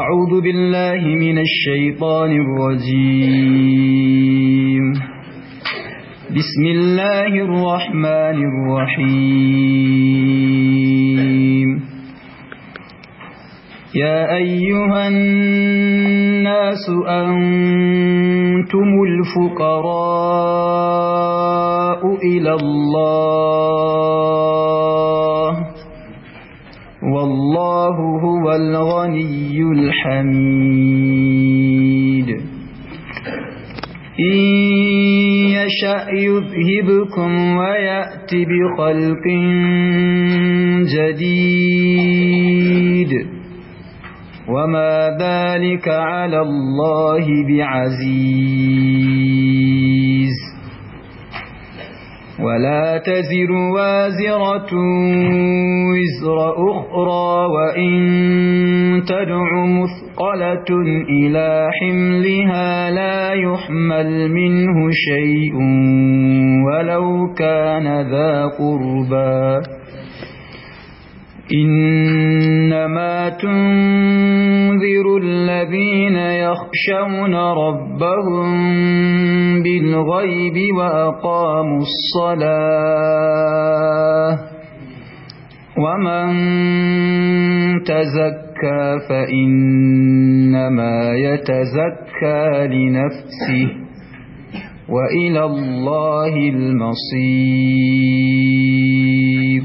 أعوذ بالله من الشيطان الرجيم بسم الله الرحمن الرحيم يا أيها الناس أنتم الفقراء إلى الله والله هو الغني الحميد إن يشأ يذهبكم ويأتي بخلق جديد وما ذلك على الله بعزيز ولا تزر وازرة وزر أخرى وإن تدع مثقلة إلى حملها لا يحمل منه شيء ولو كان ذا قربا إنما تنذر الذين يخشون ربهم بالغيب وأقاموا الصلاة ومن تزكى فإنما يتزكى لنفسه وإلى الله المصير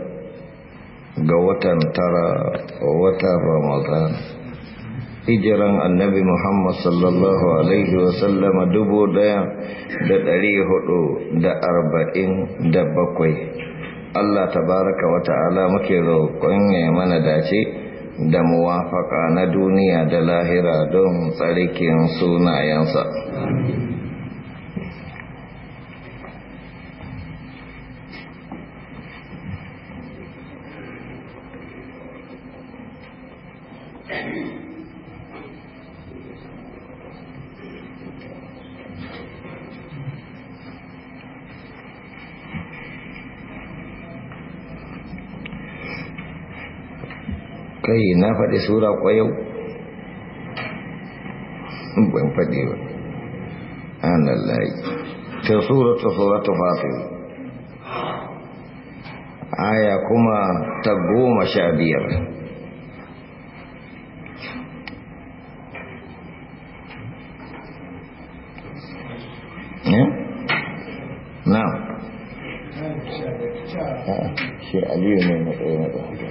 ga watan tara watan ramadan hijiran annabi muhammad sallallahu alaihi wasallama dubu daya da dari hudu da arba'in da bakwai allah tabaraka wa ta'ala muke roƙon ya mana dace da muwafaka na duniya da lahira don tsarikin sunayensa Amin. kai na faɗi sura ƙwayau ban faɗi ba an lallai ta sura ta sura ta aya kuma ta goma sha biyar eh? na ah, shi aliyu ne matsayi na ɗaya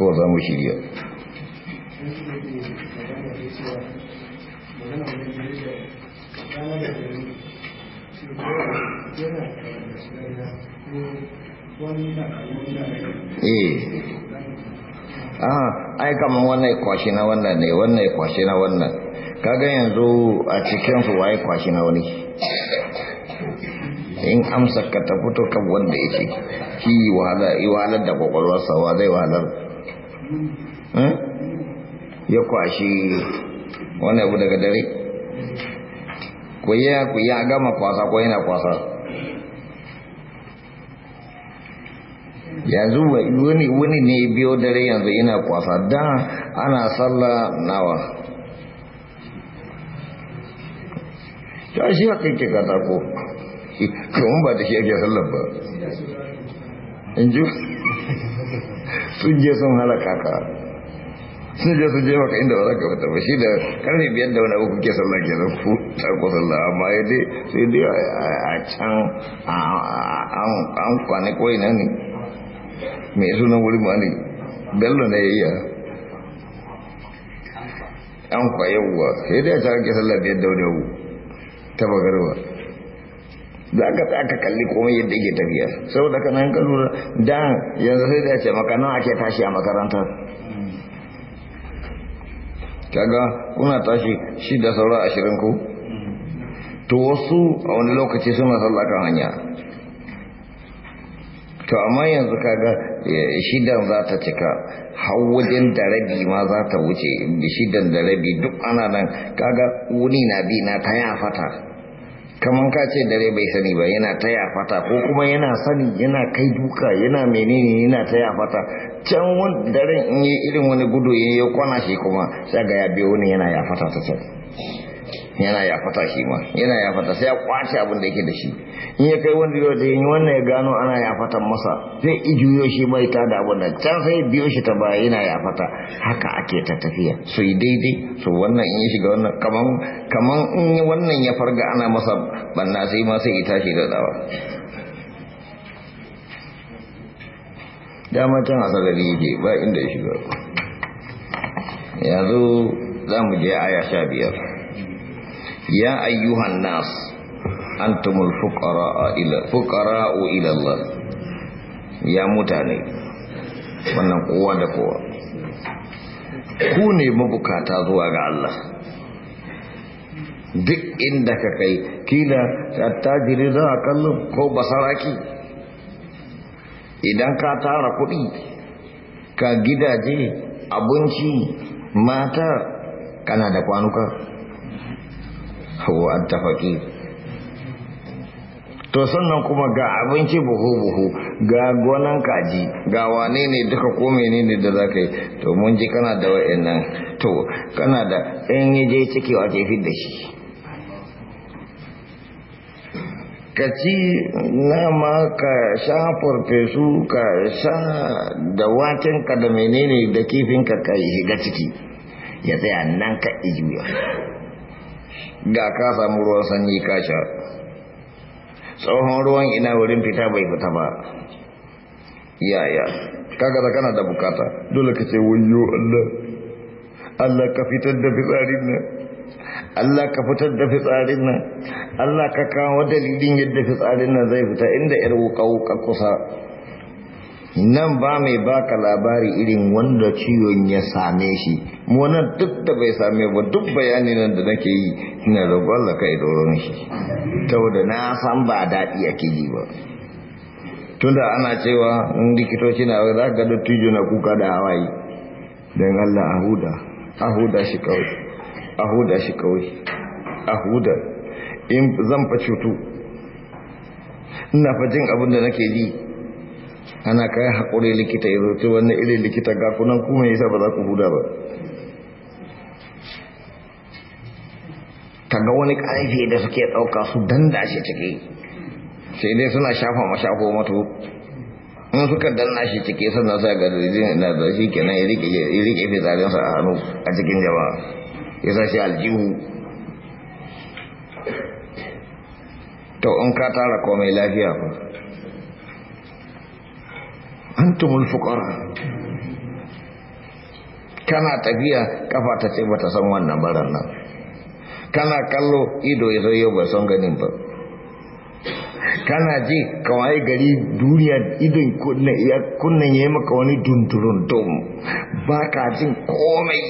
ko za mu shirya eh ah wannan kwashi na wannan ne wannan kwashi na wannan kaga yanzu a cikin su waye kwashi na wani in amsa ka ta fito kan wanda yake shi wahala wahalar da kwakwalwarsa wa zai wahalar Eh? ya kwashi wani abu daga dare ku a gama kwasa ko yana kwasa yanzu wani ne biyo dare yanzu ina kwasa da ana sallah nawa ta shi haka yake katako kuma ba ta shi ake sallar ba in ji sun je sun halaka ka sun je sun je maka inda ba za ka fita ba shi da karni biyar da wani abu kuke sallah ke nan ku tarko sallah amma ya dai sai dai a can an kwane kawai na ne mai sunan wuri ma ne bello na yayya an kwayewa sai dai a can ake sallah biyar da wani abu ta bagarwa da aka ta aka kalli komai yadda yake tafiya saboda ka nan ka lura da yanzu sai da ce maka nan ake tashi a makarantar kaga kuna tashi shi da saura ashirin ku to wasu a wani lokaci suna sallah kan hanya to amma yanzu kaga eh, shidan za ta cika har wajen da rabi ma za ta wuce shidan da rabi duk ana nan kaga wuni na bi na ta a fata kamar ka ce dare bai sani ba yana ta fata ko kuma yana sani yana kai duka yana menene yana ta ya fata can wani daren in yi irin wani gudu ya kwana shi kuma sai ya biyo wani yana yafata ta can yana ya fata shi ma yana ya fata sai ya kwace abin da yake da shi in ya kai wanda yau da yin wannan ya gano ana ya fata masa sai ijiyo shi mai ta da abin nan can sai biyo shi ta baya yana ya fata haka ake ta tafiya su yi daidai su wannan in ya shiga wannan kaman kaman in wannan ya farga ana masa banna sai ma sai ya tashi da dawa dama can asalari yake ba inda ya shiga yanzu za mu je aya sha biyar ya ayyuhan nas antumul fuqara'a ila fuqara'u ila Allah ya mutane wannan kowa da kowa ku ne mabukata zuwa ga Allah duk inda ka kai kila attajiri za a kallon ko basaraki idan ka tara kuɗi ka gidaje abinci mata kana da kwanuka wa attafaqi to sannan kuma ga abinci buhu-buhu ga gonan kaji ga wane ne duka ko ne da za ka yi to mun ji kana da wa'annan to kana da ɗan yi je ciki jefi da shi ka ci nama ka sha farfesu ka sha da wakenka da menene da kifinka ka yi shiga ciki ya tsaya nan ka iya ga ka samu ruwan sanyi kasha tsohon ruwan ina wurin fita bai fita ba yaya kaga da kana da bukata dole ka ce wayo Allah Allah ka fitar da fitsarin nan Allah ka fitar da fitsarin nan Allah ka kawo dalilin yadda fitsarin nan zai fita inda yar kawo wuka kusa nan ba mai baka labari irin wanda ciwon ya same shi mu nan duk da bai same ba duk bayani nan da nake yi ina roƙon Allah kai doron shi da na san ba daɗi ake yi ba tunda ana cewa in likitoci na za ka ga tijo na kuka da hawaii don Allah a huda a huda shi kawai a huda shi kawai a huda in zan fa cutu ina fa jin abin da nake ji ana kai hakuri likita ya iri wannan irin likita ga kunan kuma yasa ba za ku huda ba wani ƙarfi da suke ɗauka su danda shi ciki sai dai suna shafa mashako mato in suka danna shi ciki sannan sa ga na da shi kenan ya rike fitsarinsa a hannu a cikin jama'a ya shi aljihu to in ka tara komai lafiya ba antumul fuqara kana tafiya kafa ta ce bata san wannan baran nan kana kallo ido ya zo yau ba san ganin ba kana ji kawai gari duniya idon kunnen ya kunnen yayi maka wani dunturun dum ba ka jin komai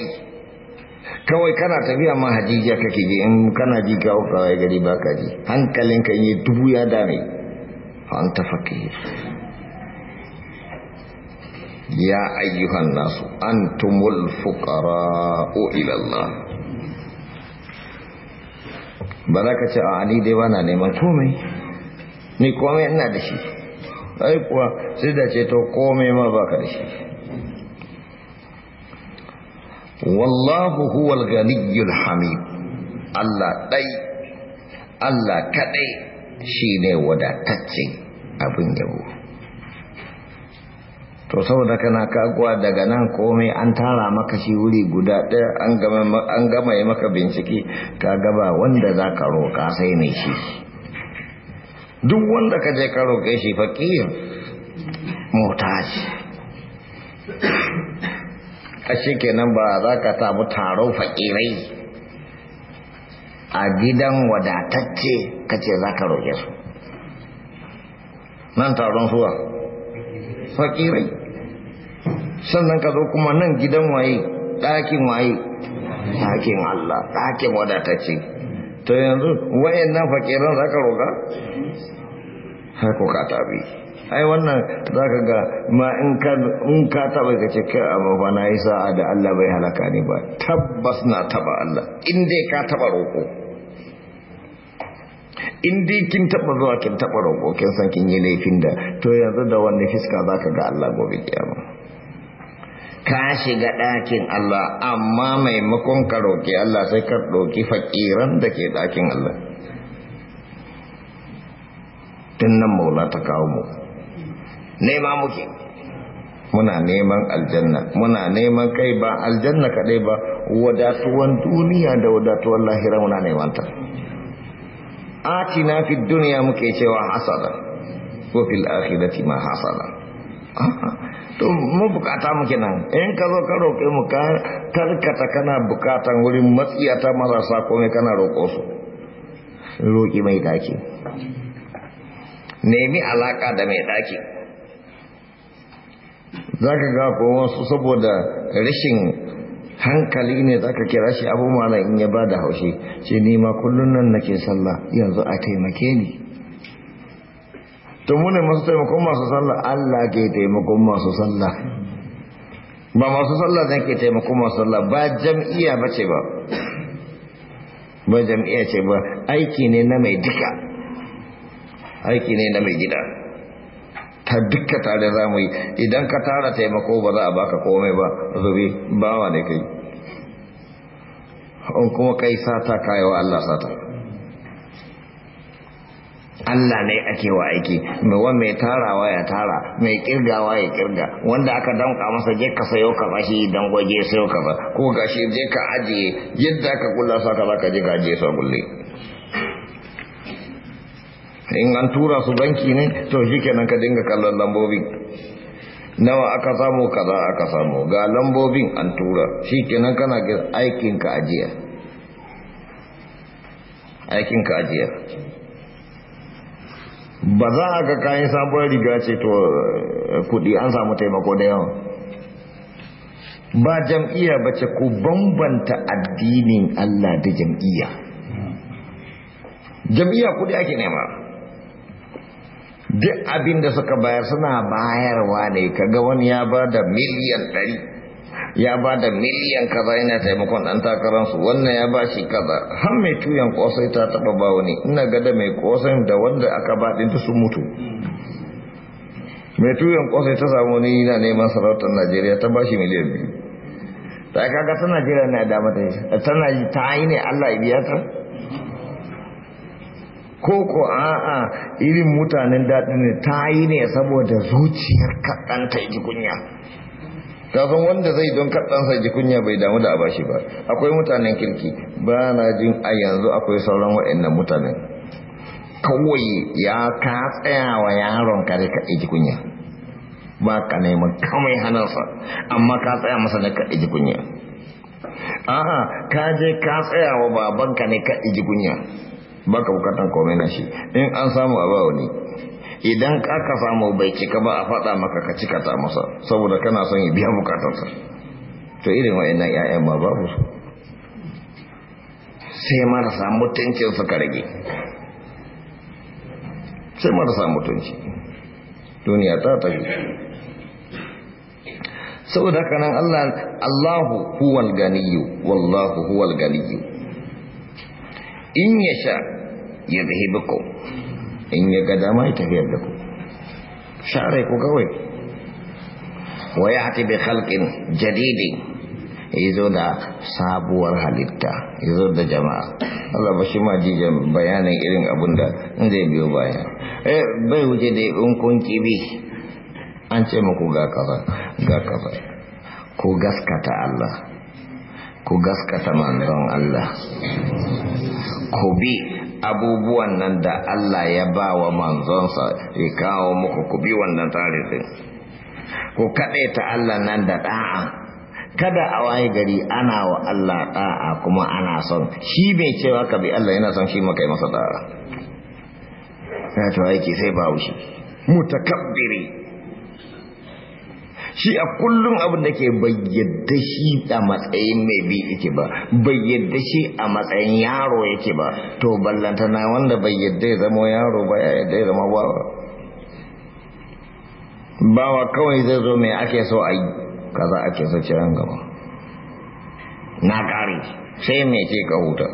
kawai kana tafiya ma hajijiya kake ji in kana ji kawo kawai gari ba ka ji hankalinka yi dubu ya fa an tafakir ya ayyuhan nasu antumul fuqara'u ila Allah ba ka ce a ni dai bana neman komai ni komai ina da shi ai kuwa sai da ce to komai ma baka da shi wallahu huwal ganiyyul hamid Allah dai Allah kadai shine wadatacce abin yabo to saboda kana kaguwa daga nan komai an tara maka shi wuri guda ɗaya an gama yi maka bincike ka gaba wanda za ka roƙa sai ne shi duk wanda ka je ka roƙe shi fakir mota ce a shi kenan ba za ka samu taro faƙirai a gidan wadatacce ka ce za ka roƙe su nan taron suwa fakirai sannan ka zo kuma nan gidan waye ɗakin waye ɗakin Allah ɗakin wadatacce to yanzu wayannan fakiran za ka roƙa har ko ka tabi ai wannan za ka ga ma in ka taɓa ka ce kai abu. ba na yi sa'a da Allah bai halaka ni ba tabbas na taɓa Allah in dai ka taɓa roƙo in dai kin taɓa zuwa kin taɓa roƙo kin san kin yi laifin da to yanzu da wanne fiska za ka ga Allah gobe kiyama ka shiga ɗakin Allah amma maimakon ka roƙi Allah sai ka roƙi fakiran da ke ɗakin Allah tun nan maula ta kawo mu nema muke muna neman aljanna muna neman kai ba aljanna kaɗai ba wadatuwan duniya da wadatuwan lahira muna neman ta na fi duniya muke cewa hasada ko fil akhirati ma hasada to mu bukata muke nan in ka zo ka roƙe mu ka tarkata kana bukatan wurin ta marasa komai kana roƙo su roƙi mai daki nemi alaƙa da mai daki za ka ga kowa su saboda rashin hankali ne za ka kira shi abu mana in ya ba da haushe ce ni ma kullum nan nake sallah yanzu a taimake ni to mu ne masu taimakon masu sallah Allah ke taimakon masu sallah ba masu sallah zan ke taimakon masu sallah ba jam'iyya ba ce ba ba jam'iyya ce ba aiki ne na mai duka aiki ne na mai gida ta duka tare za mu yi idan ka tara taimako ba za a baka komai ba ba bawa ne kai in kuma kai sata kayawa Allah sata Allah ne ake wa aiki mai wa mai tarawa ya tara mai kirgawa ya kirga wanda aka danka masa je ka sayo ka bashi dan gwaje sayo ka ba ko gashi je ka ajiye yadda ka kula sa ka baka je ka ajiye sa gulle in an tura su banki ne to shikenan ka dinga kallon lambobin nawa aka samu kaza aka samu ga lambobin an tura shikenan kana ga aikin ka ajiya aikin ka ajiya ba za a ga kayan sabuwar riga ce to eh, kudi an samu taimako da yawa ba jam'iyya ba ce ku bambanta addinin Allah da jam'iyya jam'iyya kudi ake nema duk abin da suka bayar suna bayarwa ne kaga wani ya ba da miliyan ɗari ya ba da miliyan kaza yana taimakon ɗan takararsu wannan ya ba shi kaza har mai tuyan kosai ta taɓa ba wani ina gada mai kosai da wanda aka ba ɗinta sun mutu mai tuyan kosai ta samu ni na neman sarautar najeriya ta ba shi miliyan biyu ta kaga ta najeriya na da mata tana ta yi ne allah ya ta ko ko a'a irin mutanen daɗi ne ta yi ne saboda zuciyar kaɗan ta ji kunya kafin wanda zai don kaɗansa jikunya bai damu da abashi ba akwai mutanen kirki ba na jin a yanzu akwai sauran waɗannan mutanen kawai ya ka tsayawa yaron kare ka ji ba ka neman kamai hannunsa, amma ka tsaya masa na ka ji kunya ka je ka tsayawa babanka ne ka ji ba ka bukatan komai na shi in an samu a ba idan ka samu bai cika ba a faɗa maka ka cika ta masa saboda kana son ya biya bukatarsa to irin wa'annan 'ya'yan ba babu su sai marasa mutuncin suka rage sai marasa mutunci duniya ta tafi saboda haka nan Allah Allahu huwal ganiyyu wallahu huwal ganiyyu in yasha yadhhibukum in ya ga dama ya tafiyar da ku share ku kawai wa ya ati bi khalqin jadidi yazo da sabuwar halitta yazo da jama'a Allah ba shi ma ji bayanin irin abin da in zai biyo baya eh bai wuce da in kun kibi an ce muku ga kaza ga kaza ku gaskata Allah ku gaskata manzon Allah ku bi abubuwan nan da Allah ya ba wa manzonsa ya kawo muku ku bi wannan tarihin din ku ta Allah nan da da'a kada a waye gari ana wa Allah ɗa'a kuma ana son shi bai cewa ka bi Allah yana son shi maka masa da'a ya to aiki sai ba wuce mutakabbiri shi a kullum abin da ke bayyada shi a matsayin mai bi yake ba bayyada shi a matsayin yaro yake ba to ballantana wanda bayyadda ya zama yaro ba ya yadda ya zama bawa bawa kawai zai zo mai ake so a yi kaza ake so ciran gaba na ƙari sai mai ce ka huta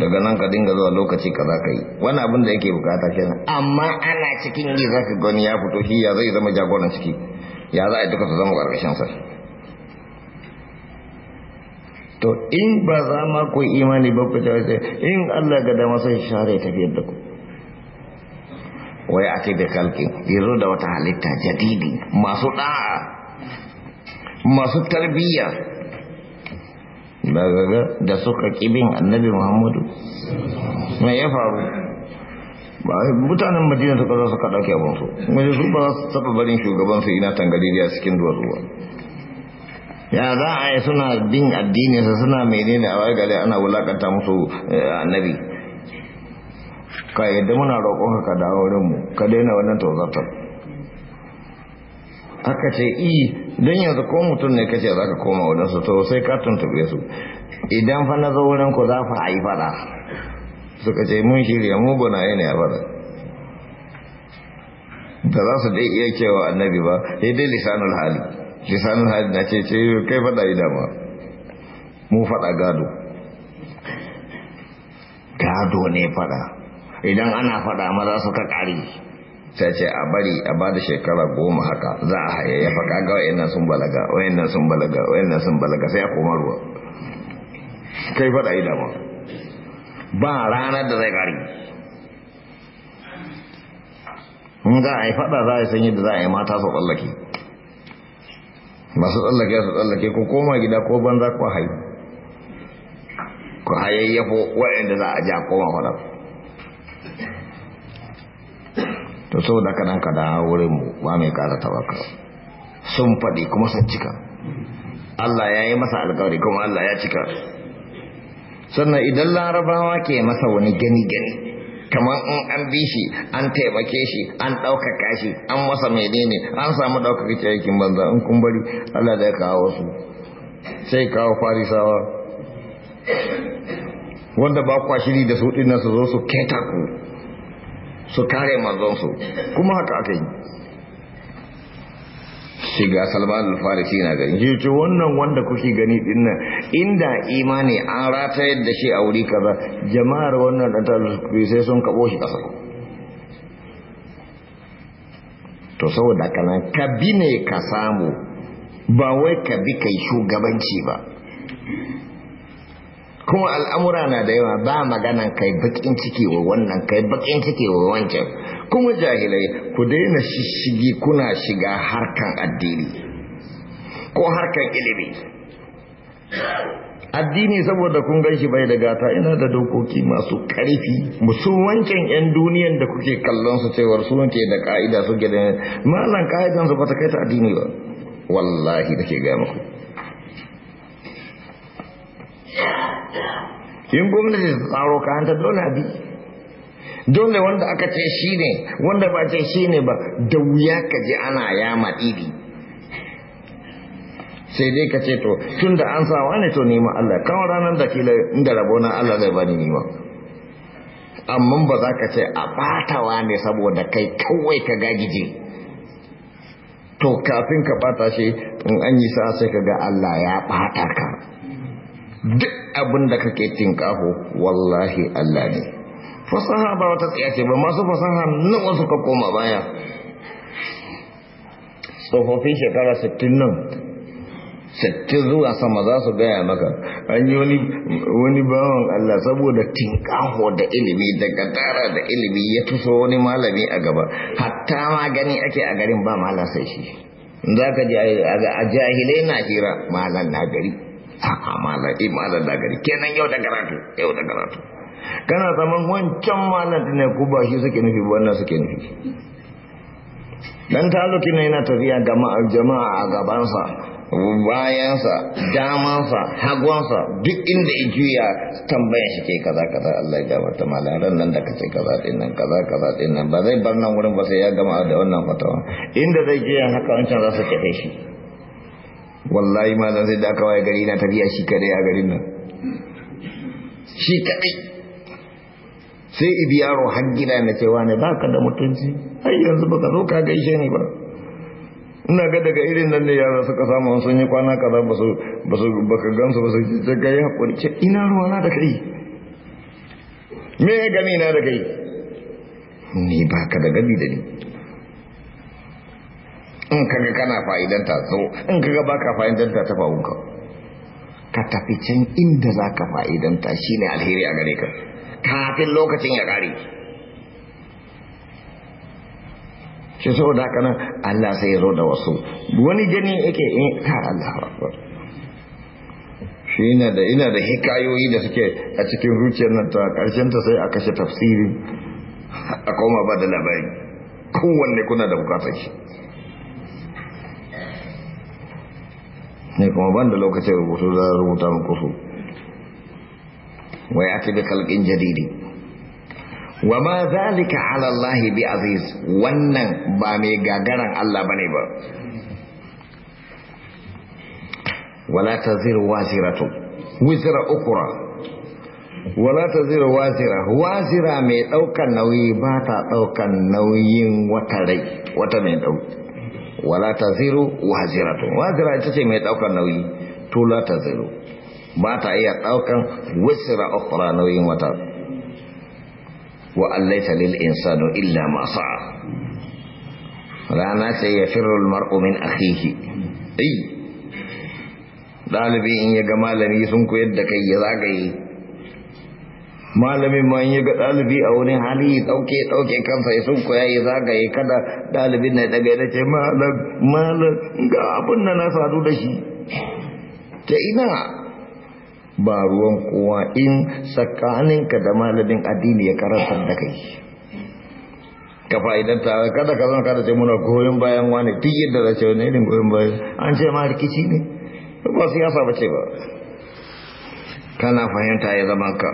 daga nan ka dinga zuwa lokaci kaza ka yi wani abin da yake bukata kenan amma ana cikin yi za ka gani ya fito shi ya zai zama jagoran ciki ya za a duka su zama ƙarƙashinsa to in ba za ma ku imani ba ku in Allah ga dama sai share tafiyar da ku wai ake da kalki yazo da wata halitta jadidi masu da'a masu tarbiyya da suka kibin annabi Muhammadu mai ya faru mutanen madina ta kaza su ka ɗauke su kuma su ba su taba barin su ina tangaliliya cikin duwatsu ba ya za a yi suna bin addininsa suna menene a wai gari ana wulakanta musu eh, annabi ka yadda muna roƙon ka dawo mu ka daina wannan tozartar aka ce i don yanzu ko mutum ne kace za ka koma wadansu to sai ka tuntuɓe su idan fa na zo wurin ku za fa a yi faɗa suka ce mun shirya mu gunaye ne a faɗa da za su dai iya cewa annabi ba sai dai lisanul hali lisanul hali na ce ce kai fada yi dama mu fada gado gado ne fada idan ana fada ma za su kakari ta ce a bari a ba da shekara goma haka za a hayayyafa kaga wayannan sun balaga wayannan sun balaga wayannan sun balaga sai a koma ruwa kai fada yi dama ba ranar da zai kare in za a yi fada za a yi sanyi da za a yi mata su tsallake masu tsallake su tsallake ko koma gida ko banza ko hayi ko hayayyafo waɗanda za a ja koma fada to saboda kanan ka da wurin mu ba mai kara tabaka sun faɗi kuma sun cika Allah ya yi masa alkawari kuma Allah ya cika sannan idan larabawa ke masa wani gani-gani kamar in an bi shi an taimake shi an ɗaukaka shi an masa menene an samu ɗaukaka ce aikin banza in kun bari Allah da ya kawo su sai kawo farisawa wanda ba kwa shiri da su ɗin su zo su keta ku su kare su kuma haka aka yi Shiga ga salman al na gani shi ce wannan wanda kuke gani din nan inda imani an rata yadda shi a wuri kaza jama'ar wannan dan talibi sai sun kabo shi kasa to saboda kana ka bi ne ka samu ba wai ka bi kai shugabanci ba kuma al'amura na da yawa ba maganan kai bakin ciki wa wannan kai bakin ciki wa wancan kuma jahilai ku daina shishigi kuna shiga harkan addini ko harkan ilimi addini saboda kun gan bai da gata ina da dokoki masu karfi musulmancin 'yan duniyan da kuke kallon su cewar su ke da ka'ida ke da malan ka'idan su ba ta kai ta addini ba wallahi da ke ga muku in gwamnati ta tsaro ka hanta dole bi dole wanda aka ce shi ne wanda ba ce shi ne ba da wuya ka ji ana yama iri sai dai ka ce to tun da an sawa ne to nema Allah kawai ranar da kila inda rabona Allah zai bani nema amma ba za ka ce a batawa ne saboda kai kawai ka gagije to kafin ka bata shi in an yi sa sai ka ga Allah ya bata ka duk abin da kake tinkaho wallahi Allah ne fasaha ba wata tsayace ba masu fasaha nawa suka koma baya tsofaffin shekara 60 nan 60 zuwa sama za su gaya maka an yi wani bawan Allah saboda tinkaho da ilimi da gadara da ilimi ya tuso wani malami a gaba hatta ma gani ake a garin ba malam sai shi za ka a jahilai na hira malam na gari a eh, malam na gari kenan yau da karatu yau da karatu kana zaman wancan malam ne ko ba shi suke nufi ba wannan suke nufi dan taluki ne yana tafiya jama'a jama'a a gabansa bayansa damansa hagonsa duk inda ya juya tambaya shi ke kaza kaza Allah ya gafarta malaran nan da kace kaza din nan kaza kaza din nan ba zai bar nan wurin ba sai ya gama da wannan fatawa inda zai je haka wancan za su kafe shi wallahi zan sai da aka waye gari na tafiya shi kadai a garin nan shi kadai sai ibi yaro har gida na cewa ne baka da mutunci har yanzu baka zo ka gaishe ni ba ina ga daga irin nan ne yara suka samu sun yi kwana kaza ba su ba su baka gansu ba su ce ga ya hakuri ce ina ruwa na da kai me ya gani na da kai ni baka da gani da ni in kaga kana fa'idanta so in kaga baka fa'idanta ta fa'unka ka tafi can inda ka fa'idanta shine alheri a gare ka kafin lokacin ya ƙare shi saboda haka nan Allah sai ya zo da wasu wani jini yake in eh, ka Allah shi ina da ina da hikayoyi da suke a cikin zuciyar nan ta karshen ta sai a kashe tafsiri a koma ba da labari kowanne kuna da bukatar shi ne kuma ban da lokacin rubutu za a rubuta muku su Wa ويأتي wa ma zalika ala allahi bi aziz wannan ba mai gagaran Allah bane ba wala taziru wasiratu wizra ukra wala taziru wazira wazira mai daukan nauyi ba ta daukan nauyin wata rai wata mai dauki wala taziru waziratu wazira ita ce mai daukan nauyi to la taziru ba ta iya ɗaukan wisra ukhra nauyin wata wa allaita lil insanu illa ma sa'a rana ce ya al mar'u min akhihi ai dalibi in ya ga malami sun koyar da kai ya zagaye malamin ma in ya ga dalibi a wani hali dauke dauke kansa ya sun koya ya zagaye kada dalibin na daga da ce malam malam ga abun nan na sadu da shi ta ina ba ruwan kowa in tsakaninka da malamin addini ya karanta da kai ka fa'idanta kada ka zama kada ce muna goyon bayan wani duk yadda za ce wani irin goyon bayan an ce ma rikici ne ba siyasa ba ce ba kana fahimta ya zama ka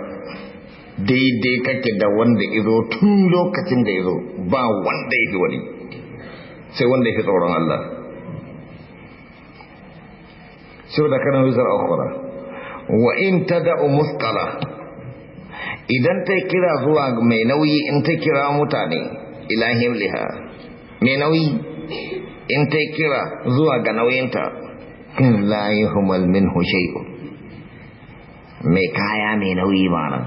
daidai kake da wanda izo tun lokacin da izo ba wanda yake wani sai wanda yake tsoron Allah sau da kanan wizar akwara wa in ta da'u muskala idan ta kira zuwa mai nauyi in ta kira mutane ilahim liha mai nauyi in ta kira zuwa ga nauyinta in hmm, layi humal min hushe'u mai kaya mai nauyi ma'ana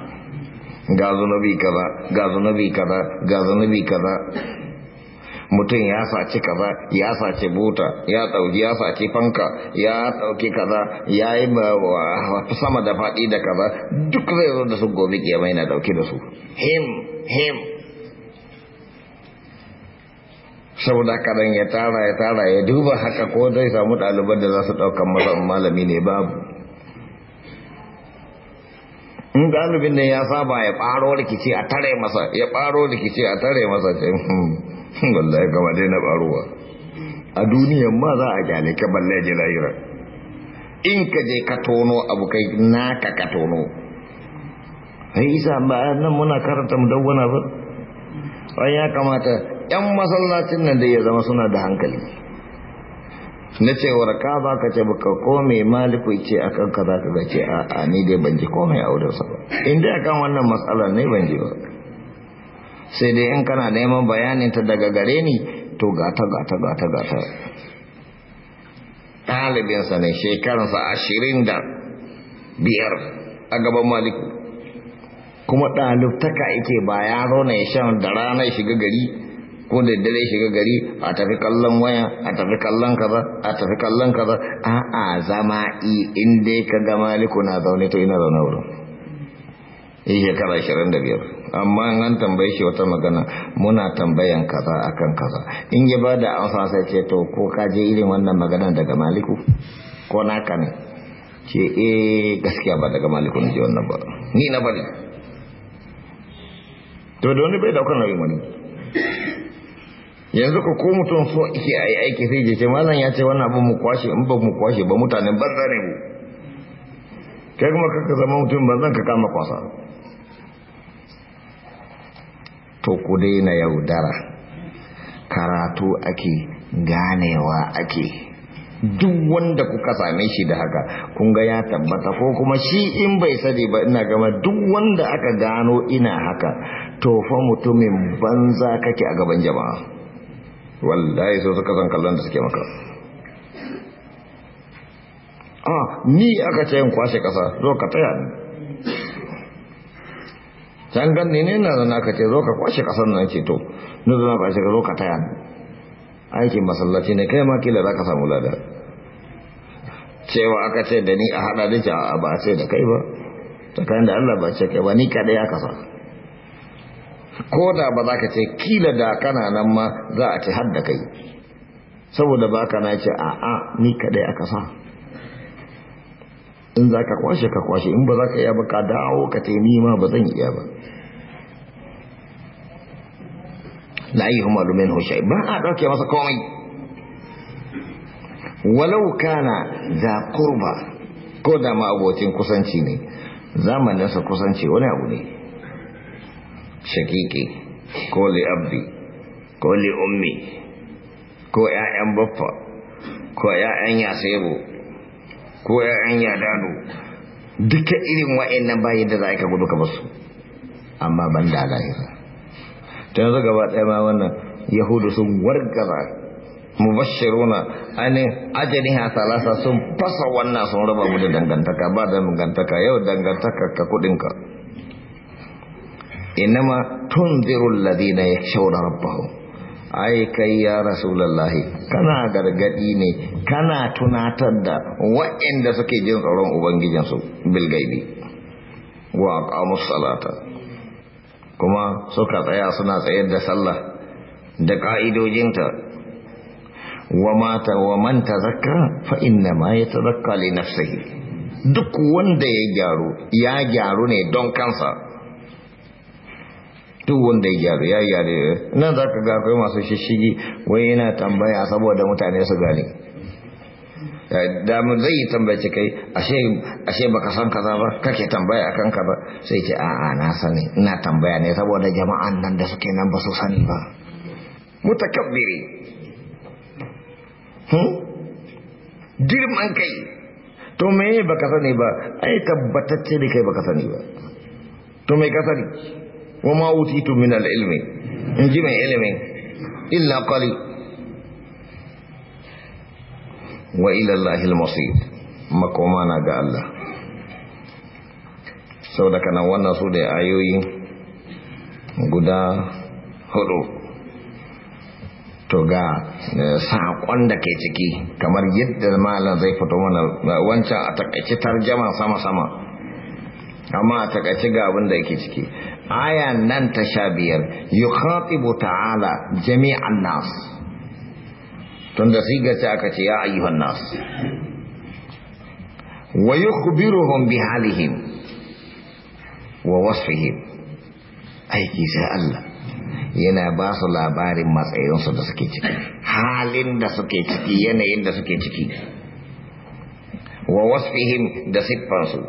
ga zunubi kaza ga zunubi kaza ga zunubi kaza mutum ya saci kaza ya saci buta ya ɗauki ya saci fanka ya ɗauki kaza ya yi sama da faɗi da kaza duk zai zo da su gobe kiyama yana ɗauki da su him him saboda kadan ya tara ya tara ya duba haka ko zai samu ɗaliban da za su ɗaukan masa malami ne babu in galibin ne ya saba ya ɓaro rikici a tare masa ya ɓaro rikici a tare masa ce wallahi gama dai na baruwa a duniyan ma za a gyale ka balle ji lahira in ka je ka tono abu kai naka ka tono ai isa ba nan muna karanta mu mudawwana ba ai ya kamata yan masallacin nan da ya zama suna da hankali na cewar ka ba ka ce baka kome maliku ce a kan ka za ka ga ce a ni dai ban ji kome a wurinsa ba inda akan wannan matsalar ne ban ji ba sai dai in kana neman ta daga gare ni to gata gata gata gata ɗalibinsa ne shekarunsa ashirin da biyar a gaban maliku kuma ɗalibtaka ike ba yaro ne shan da rana shiga gari ko da dare shiga gari a tafi kallon waya a tafi kallon kaza a tafi kallon kaza a a zama i in dai ka ga maliku na zaune to ina zaune wurin yi shekara ashirin da biyar amma an tambaye shi wata magana muna tambayan kaza akan kaza in ya ba da amsa sai ce to ko ka je irin wannan magana daga maliku ko ka ne ce eh gaskiya ba daga maliku ne wannan ba ni na bari to da wani bai daukar nauyin wani yanzu ko mutum so ke a yi aiki sai je ce malam ya ce wannan abin mu kwashe in ba mu kwashe ba mutanen banza ne mu kai kuma kaka zama mutum banzan ka kama kwasa to ku daina yaudara karatu ake ganewa ake duk wanda kuka same shi da haka kun ga ya tabbata ko kuma shi in bai sani ba ina gama duk wanda aka gano ina haka to fa mutumin banza kake a gaban jama'a wallahi so suka san kallon da suke maka ah ni aka ce in kwashe kasa zo ka taya can gan ne na zana ka ce zo ka kwashe kasar nan ce to na zana shi ka zo ka taya aikin masallaci ne kai ma kila za ka samu lada cewa aka ce da ni a hada da ce a ba ce da kai ba kayan da Allah ba ce kai ba ni kaɗai aka kasa ko da ba za ka ce kila da kana nan ma za a ce har da kai saboda ba ka na ce a'a ni kaɗai a kasa in za ka kwashe ka kwashe in ba za ka iya ba ka dawo ka ce ba zan iya ba la yi hu malumin hushai ba a ɗauke masa komai walau na za kurba ko da ma abocin kusanci ne zamaninsa kusanci wani abu ne shakiki ko li abdi ko li ummi ko 'ya'yan baffa ko 'ya'yan yasebo ko ‘ya'yan yadano duka irin wa'in nan bayan da za ka gudu ka basu amma ban da ba. ta yanzu gaba ɗaya ma wannan yahudu sun wargaza mubashiruna ainihin ajali ha salasa sun fasa wannan sun raba mu da dangantaka ba da dangantaka yau dangantaka ka kudinka inama tunzirul ladina ya yakshawna rabbahum ai kai ya rasulallahi kana gargadi ne kana tunatar da waɗanda suke jin tsoron ubangijinsu bil gaibi wa aqamus salata kuma suka tsaya suna tsayar da sallah da ka'idojinta wa mata wa man tazakka fa inna ma yatazakka li nafsihi duk wanda ya gyaru ya gyaru ne don kansa duk wanda ya gyaru ya gyaru nan za ka ga masu shishigi wai yana tambaya saboda mutane su gane da mu zai yi tambaye kai ashe ba baka san kaza ba kake tambaya akan kanka ba sai ce a'a na sani ina tambaya ne saboda jama'an nan da suke nan ba su sani ba mutakabbiri hmm? girman kai to me baka sani ba ai tabbatacce da kai baka sani ba to me ka sani wa ma من العلم من ilmi in ji mai وإلى illa المصير wa ila Allah al-masir makoma na ga Allah sau da kanan su da ayoyi guda to ga eh, saƙon da ke ciki kamar yadda malam zai fito mana wancan a takaice tarjama sama-sama amma a takaice ga abin da yake ciki aya nan ta sha biyar yukhatibu ta'ala jami'an nas tunda siga ce aka ce ya ayyuhan nas wa yukhbiruhum bi halihim wa wasfihim aiki sai Allah yana ba su labarin matsayinsu da suke ciki halin da suke ciki yanayin da suke ciki wa wasfihim da siffansu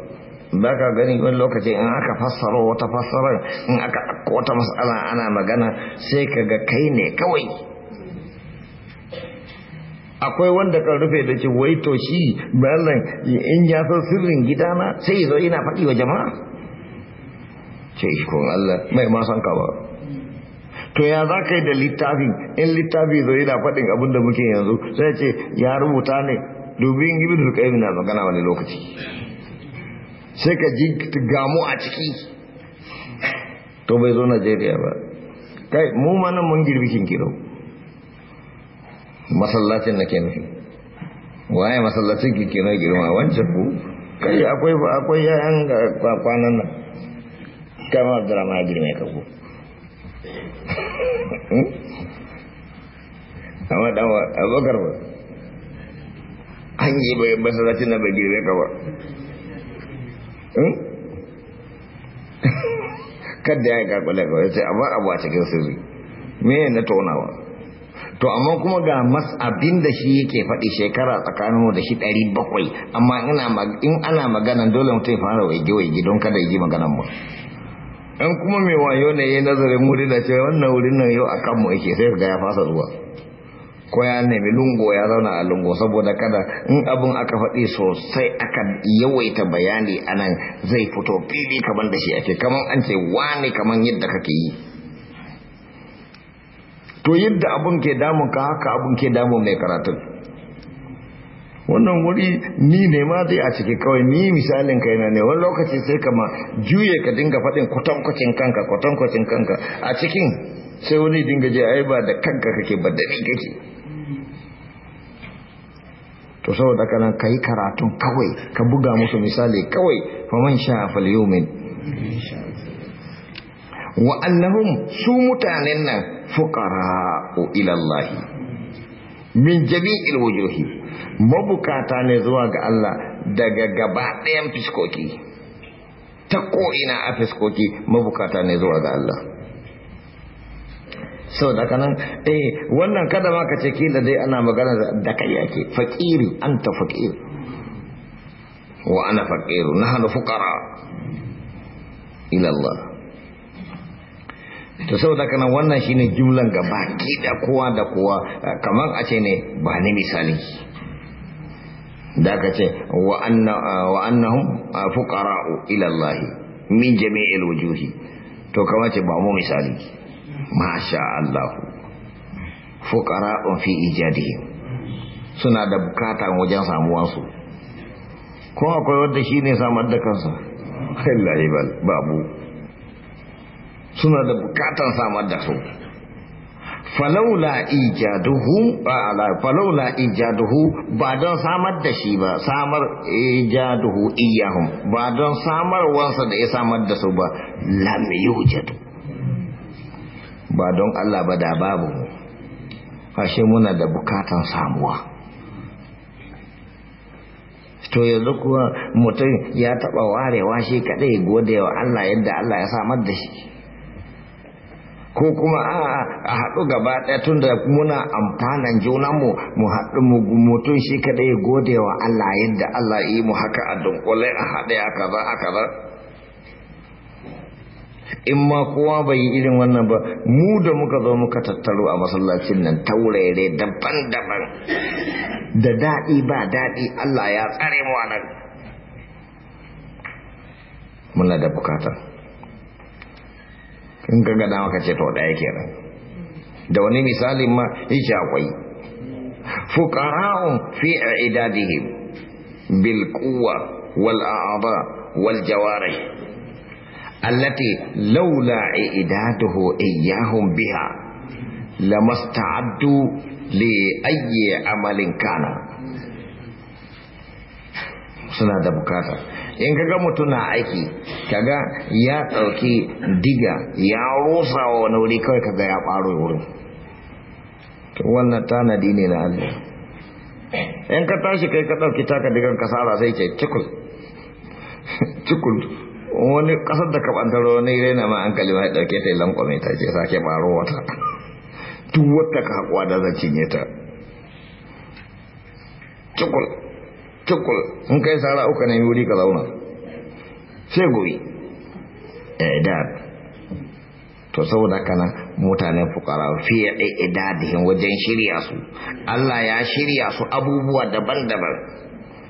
ba ka gani wani lokaci in aka fassara wata fassarar in aka ɗauko wata matsala ana magana sai ka ga kai ne kawai akwai wanda kan rufe da ce wai to shi bayan in ya san sirrin gidana sai ya zo ina faɗi wa jama'a ce shi kun Allah mai ma san ba to ya za ka yi da littafi in littafi zo yana faɗin abin da muke yanzu sai ce ya rubuta ne dubin gibin al na magana wani lokaci sai ka ji gamu a ciki to bai zo najeriya ba kai mu ma nan mun girbi kiro masallacin na ke nufi waye masallacin kinkiro girma wancan ku kai akwai akwai yayan kwanan nan kama abdurrahman ya girme ka ku hmm? amma dan abubakar ba an yi masallacin na bai girbe ka ba Eh? kada ya kakule kawai sai a ba abu a cikin sirri me na tonawa to amma kuma ga mas abin da shi yake faɗi shekara tsakanin da shi ɗari bakwai amma in ana maganan dole mutum fara waige waige don kada yi maganan mu in kuma mai wayo ne ya nazarin wuri da ce wannan wurin nan yau a kanmu yake sai ga ya fasa zuwa ko ya nemi lungo ya zauna a lungo saboda kada in abin aka faɗi sosai aka yawaita bayani anan zai fito fili kaman da shi ake kaman an ce wani kaman yadda kake yi to yadda abun ke damun ka haka abun ke damun mai karatun wannan wuri ni ne ma zai a ciki kawai ni misalin kai na ne wani lokaci sai kama juye ka dinga faɗin kwatankwacin kanka kwatankwacin kanka a cikin sai wani dinga je ai ba da kanka kake ba da kake to saboda kana kai karatun kawai ka buga musu misali kawai faman sha falyumin wa annahum su mutanen nan fuqara ila Allah min jami'il wujuhi mabukata ne zuwa ga Allah daga gaba ɗayan fiskoki ta ko ina a fiskoki mabukata ne zuwa ga Allah sau da kanan eh wannan kada ma ka ce kila dai ana magana da kai yake fakiri anta fakir wa ana fakiru nahnu fuqara ila Allah to saboda kana wannan shine jumlan gaba ki da kowa da kowa kaman a ce ne ba ni misali da ka ce wa anna wa annahum fuqara ila Allah min jami'il wujuhi to kamar ce ba mu misali masha Allah on fi ijadi suna da bukata wajen samuwansu ko akwai wanda shine samar da kansa Allah babu suna da bukatan samar da su falawla ijaduhu ala falawla ijaduhu ba don samar da shi ba samar ijaduhu iyahum ba don samar wansa da ya samar da su ba lam yujadu ba don Allah ba da babu ashe fashe muna da bukatan samuwa to yanzu kuwa mutum ya taɓa warewa shi kaɗai gode wa Allah yadda Allah ya samar da shi ko kuma a haɗu gaba ɗaya tun da muna amfanan junanmu mu haɗu mutum shi kaɗai godewa Allah yadda Allah yi mu haka a dunkule a haɗe a kaza a kaza in ma kowa bai yi irin wannan ba mu da muka zo muka tattaro a masallacin nan taurare daban-daban da daɗi ba daɗi Allah ya tsare mu a nan muna da bukata in ka gada maka ce to ɗaya nan. da wani misali ma yake akwai fuqara'un fi idadihim bil quwwa wal wal jawarih التي laula i'daduhu إياهم بها لما استعدوا لأي amalin kana suna da bukata in kaga mutum na aiki kaga ya ɗauki diga ya rusa wa wani wuri kawai kaga ya ɓaro wurin wannan tanadi ne na Allah in ka tashi kai ka ɗauki taka digan kasara sai ce cikul cikul wani kasar da kabantar wani irai ma ma'an kalima ya dauke ta yi lankwame ta ce sake baro wata Tun wata ka haƙuwa da zan cinye ta cikul cikul in kai sara uka yi wuri ka zauna sai goyi eh, idad to saboda kana mutanen fukara fiye idadihin wajen shirya su Allah ya shirya su abubuwa daban-daban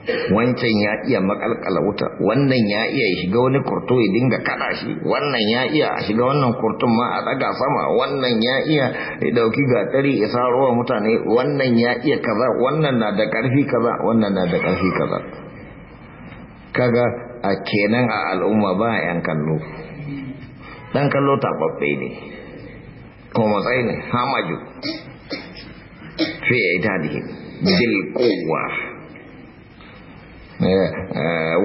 wancan ya iya makalkala wuta wannan ya iya shiga wani kurto ya dinga kada shi wannan ya iya a shiga wannan kurtun ma a daga sama wannan ya iya ya dauki gatari ya sarowa mutane wannan ya iya kaza wannan na da karfi kaza wannan na da karfi kaza kaga a kenan a al'umma ba a yan kallo dan kallo tababbe ne ko matsayi ne hamaju fi da bil quwwa Eh, eh, eh,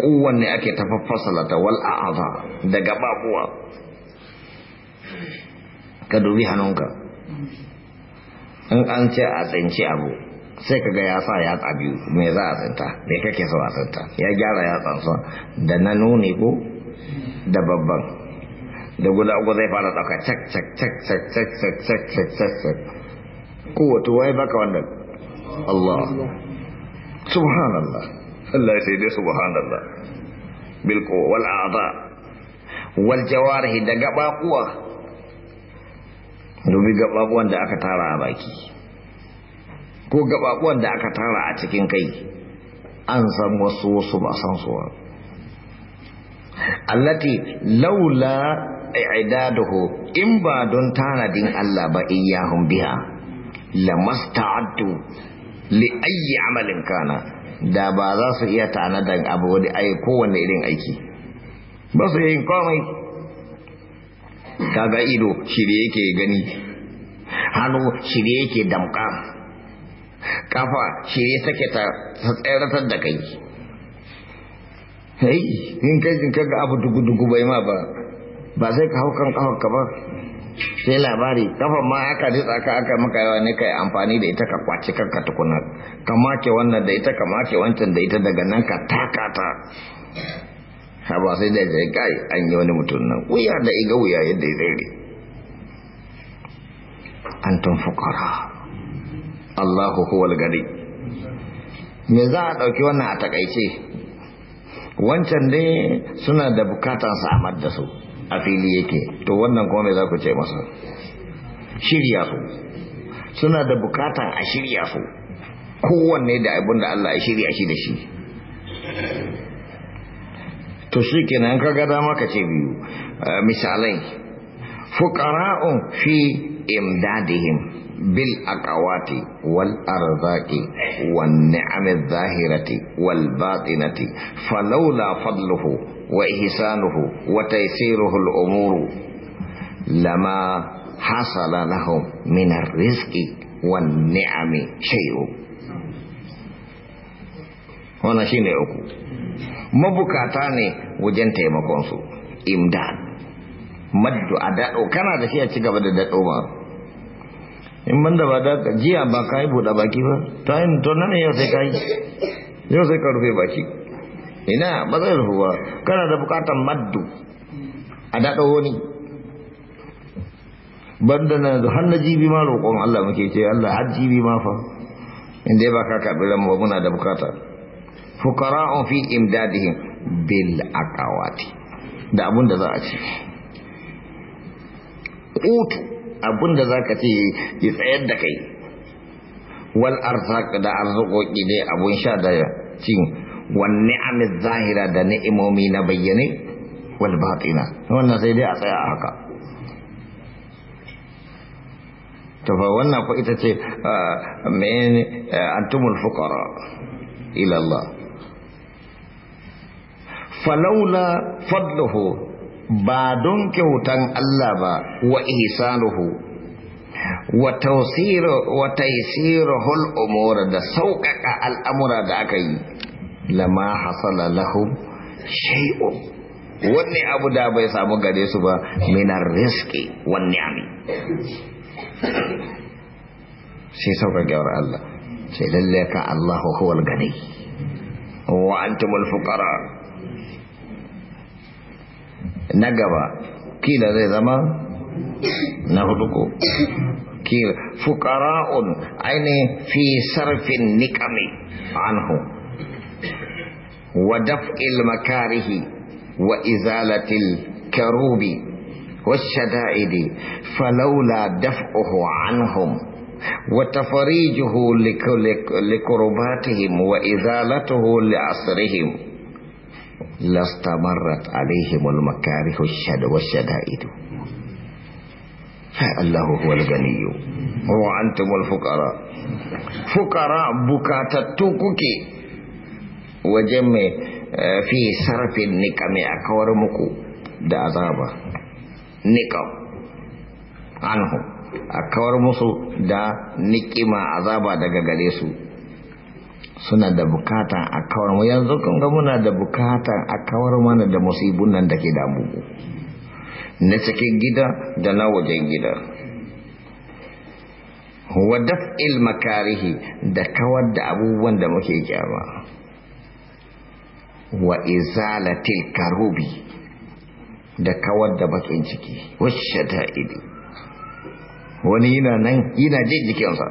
kowanne ake tafaffasalata wal a'adha daga babuwa ka dubi hannunka in an ce a tsinci abu sai ka ga ya sa ya tsabi me za a tsinta me kake so a tsinta ya gyara ya tsansa da na nuni ko da babban da guda uku zai fara tsaka cak cak cak cak cak cak cak cak cak cak kowace wai baka wannan Allah subhanallah Allah sai dai subhanallah bil wal a'dha wal jawarih da gabakuwa dubi gabakuwan da aka tara a baki ko gabakuwan da aka tara a cikin kai an san wasu wasu ba san su allati laula i'daduhu in ba don tanadin Allah ba iyyahum biha lamasta'addu li ayyi amalin kana da ba za su iya tanadan abu wani ai kowanne irin aiki ba su yin komai kaga ido shirye yake gani hannu shirye yake damka kafa shirye sake ta tsayaratar da kai hey in kai ka ga abu dugu dugu bai ma ba ba sai ka hau kan kafar ka ba sai labari kafan ma aka ritsa ka aka maka yawa ne kai amfani da ita ka kwace kanka tukuna ka make wannan da ita ka make wancan da ita daga nan ka taka ta ha ba sai da zai kai an yi wani mutum nan wuya da iga wuya yadda ya An antum fuqara Allahu huwal gari me za a dauki wannan a takaice wancan dai suna da bukatansa a madda su a fili yake to wannan kuma za ku ce masa shirya su suna da bukatan a shirya su kowanne da abin da Allah ya shirya shi da shi to shi kenan ka dama ka ce biyu eh, misalai fuqara'un fi imdadihim bil aqawati wal arzaqi wan ni'am adh-dhahirati wal batinati falawla fadluhu wa ihsanuhu wa taysiruhu al-umuru lama hasala lahum min ar-rizqi wan ni'ami shay'u wannan shine uku mabukata ne wajen taimakon su imdad maddu adao kana da shi a ci gaba da dado ba in banda da ba da jiya ba ka yi buɗa baki ba ta yi to nan yau sai ka yi yau sai ka rufe baki ina ba zai rufu ba kana da bukatar maddu a daɗa wani banda na yanzu har na jibi ma roƙon Allah muke ce Allah har jibi ma fa inda ba ka karɓi ba muna da bukata on fi imdadihin bil aqawati da abun da za a ci utu abun da za ka ce ya tsayar da kai wal arzaq da arzikoki ne abun sha da cin wan ni'amiz zahira da ni'imomi na bayyane wal batina wannan sai dai a tsaya a haka to fa wannan ko ita ce men antumul fuqara ila Allah falaula fadluhu ba don kyautan Allah ba wa ihsanuhu wa taisiruhul umura da sauƙaƙa al'amura da aka yi lama hasala lahum shay'un wanne abu da bai samu gare su ba minar rizqi wan ni'ami sai sauka gawar Allah sai lalle ka Allahu huwal gani wa antumul fuqara na gaba kila zai zama na hudu ko kila fuqara'un aini fi sarfin niqami anhu ودفء المكاره وإزالة الكروب والشدائد فلولا دفعه عنهم وتفريجه لكرباتهم وإزالته لعصرهم لاستمرت عليهم المكاره الشد والشدائد فالله هو الغني وأنتم الفقراء فقراء بكاتتوكك wajen mai eh, fi sarrafin nika mai a kawar muku da azaba nika anhu a kawar musu da nikima azaba daga gare su suna da bukata a kawar mu yanzu kun ga muna da bukata a kawar mana da musibun nan da ke damu na cikin gida da na wajen gida wa daf'il makarihi da kawar da abubuwan da muke ƙyaba. wa izalatil karubi da kawar da bakin ciki wacce ta idi wani yana nan yana jin jikinsa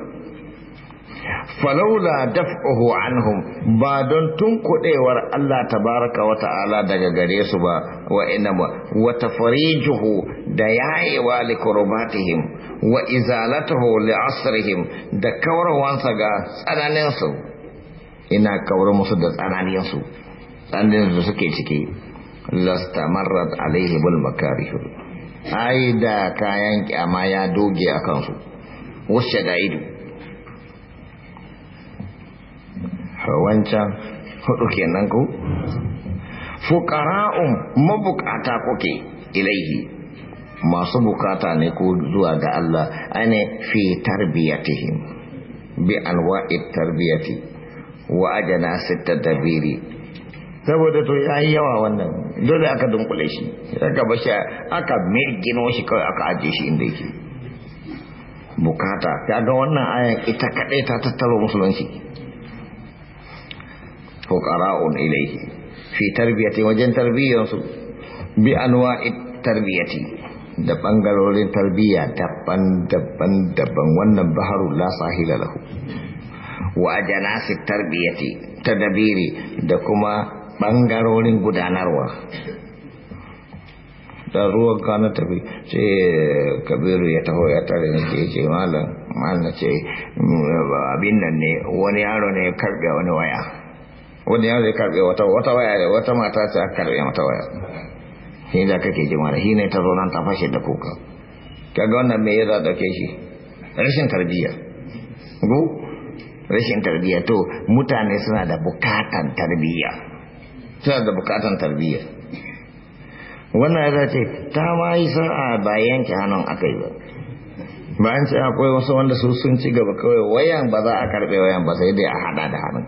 falaula daf'uhu anhum ba don tun kuɗewar Allah tabaraka wa ta'ala daga gare su ba wa inama wa tafarijuhu da yayewa li qurbatihim wa izalatuhu li asrihim da kawarwansa ga tsananinsu ina kawar musu da tsananinsu tsanin da suke ciki lastamarrat alaihi bul makarihu ai da kayan kyama ya doge a kansu wasu da ido wancan hudu kenan ku fukara'un mabukata kuke ilaihi masu bukata ne ko zuwa ga Allah ane fi tarbiyatihim bi anwa'i tarbiyati wa ajana sitta dabiri saboda to ya yi yawa wannan dole aka dunkule shi aka bashi aka mirgino shi kawai aka ajiye shi inda yake bukata ta ga wannan ayan ita kaɗai ta tattara musulunci ko ƙara'un ilaihi fi tarbiyyati wajen tarbiyyarsu bi anwa'i tarbiyyati da ɓangarorin tarbiyya daban-daban-daban wannan baharu la sahila lahu wa ajanasi tarbiyyati tadabiri da kuma ɓangarorin gudanarwa da ruwan kana tafi sai kabiru ya taho ya tare ne ke ce malam malam ce abin nan ne wani yaro ne karbe wani waya wani yaro ya karbe wata wata waya wata mata ce ta karbe wata waya shi da kake ji malam shi ne ta zo nan ta fashe da kuka kaga wannan me ya za dauke shi rashin tarbiyya go rashin tarbiyya to mutane suna da bukatan tarbiyya tana da bukatan tarbiyya wannan ya ce ta ma yi sa'a bayan yanke hannun aka yi ba bayan ci akwai wasu wanda su sun ci gaba kawai wayan ba za a karbe wayan ba sai dai a hada da hannun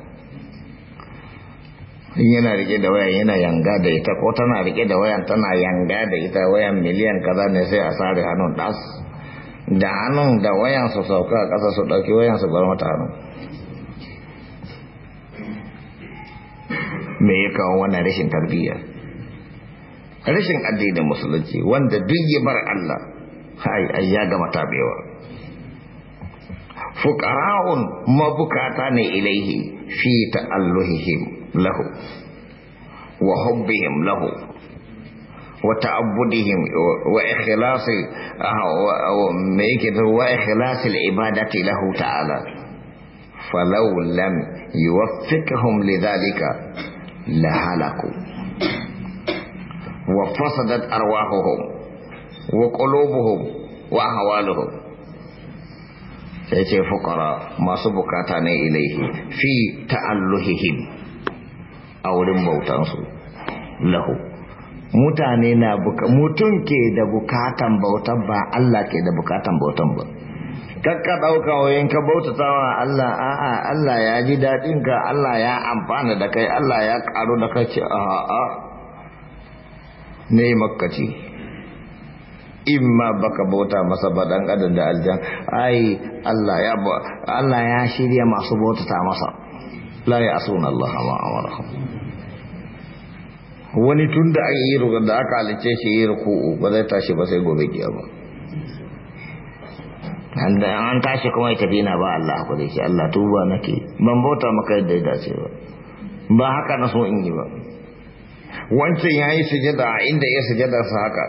in yana rike da wayan yana yanga da ita ko tana rike da wayan tana yanga da ita wayan miliyan kaza ne sai a sare hannun das da hannun da wayan su sauka a ƙasa su ɗauki wayan su bar mata hannun me ya kawo wannan rashin tarbiyya rashin addinin musulunci wanda duk ya bar Allah ai ya gama tabewa fuqara'un mabukata ne ilaihi fi ta'alluhihim lahu wa hubbihim lahu wa ta'abbudihim wa ikhlasi me yake wa ikhlasi al-ibadati lahu ta'ala falau lam yuwaffiqhum lidhalika halaku wa fasadat arwahuhum wa qulubuhum wa ahwaluhum sai ce fuqara masu bukata ne ilaihi fi ta'alluhihim a wurin bautansu lahu mutane na mutum ke da bukatan bautan ba Allah ke da bukatan bautan ba kakka ɗauka wayan ka bautata wa Allah a'a Allah ya ji daɗin ka Allah ya amfana da kai Allah ya ƙaru da kai a'a ne makkaci imma baka bauta masa ba dan adam da aljan ai Allah ya Allah ya shirya masu bautata masa la ya asuna Allah ma amara wani tun da aka yi da aka halice shi yi ruku'u ba zai tashi ba sai gobe kiyama in an tashi kuma ya tafi na ba Allah da shi Allah tuba nake ban bauta maka yadda ya dace ba ba haka na so in yi ba wancan ya yi sujada a inda ya sujada su haka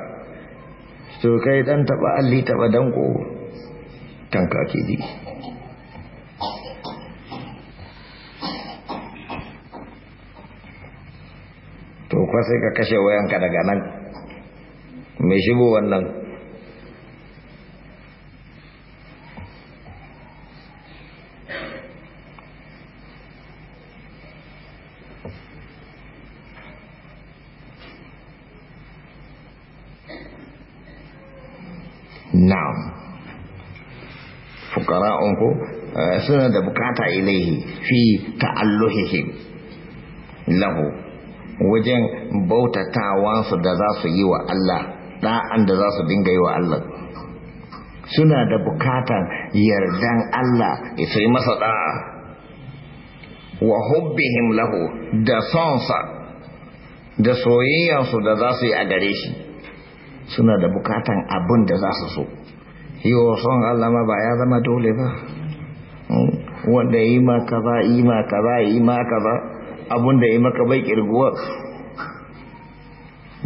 to kai dan taba alli taba danko tanka ke ji to kwa sai ka kashe wayanka daga nan mai shigo wannan na'am fukara ko eh, suna da bukata ilaihi fi ta'alluhihim lahu wajen bautatawansu da za su yi wa Allah da'an da za su dinga yi wa Allah suna da bukatan yardan Allah ya yi masa da'a wa hubbihim lahu da sonsa da soyayyansu da za su yi a gare shi suna da bukatan abin da za su so yiwa son Allah ma ba ya zama dole ba mm, wanda yi ma ba yi ma ba yi ma ba abin da yi maka bai kirguwa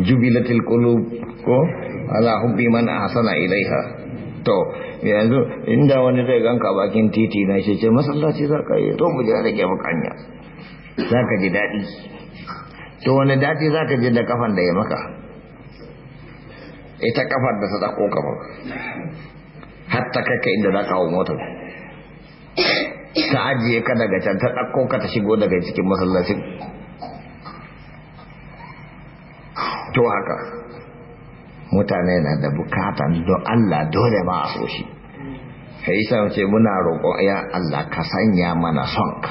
jubilatul qulub ko ala hubbi man ahsana ilaiha to yanzu inda wani zai ganka bakin titi na shi ce masallaci za ka yi to mu ji rage maka za ka ji daɗi to wani daɗi za ka ji da kafan da ya maka ita kafar da ta tsako kamar hatta kai ka inda za ka hau motar ta ajiye ka daga can ta ɗauko ka ta shigo daga cikin masallacin to haka mutane na da bukata don Allah dole ma a so shi sai sa ce muna roƙon ya Allah ka sanya mana son ka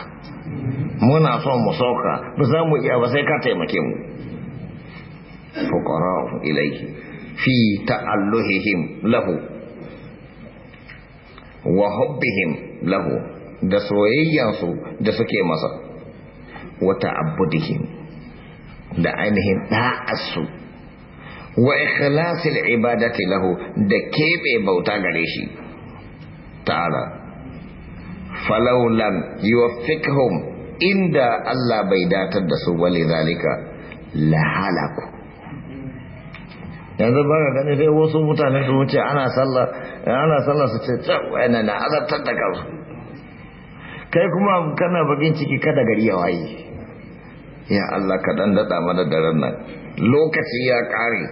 muna son mu soka ba za mu iya ba sai ka taimake mu fukara ilaihi fi ta'alluhihim lahu wa lahu da soyayyansu da suke masa wata ta'abbudihim da ainihin da'assu wa ikhlasil ibadati lahu da keɓe bauta gare shi ta'ala falau lam yuwaffiqhum inda Allah bai datar da su wali zalika la halaku yanzu ba ka gani sai wasu mutane su wuce ana sallah ana sallah su ce tsawon na azabtar da kansu kai kuma kana bakin ciki kada gari ya waye ya Allah ka dan daɗa mana daren nan lokaci ya ƙare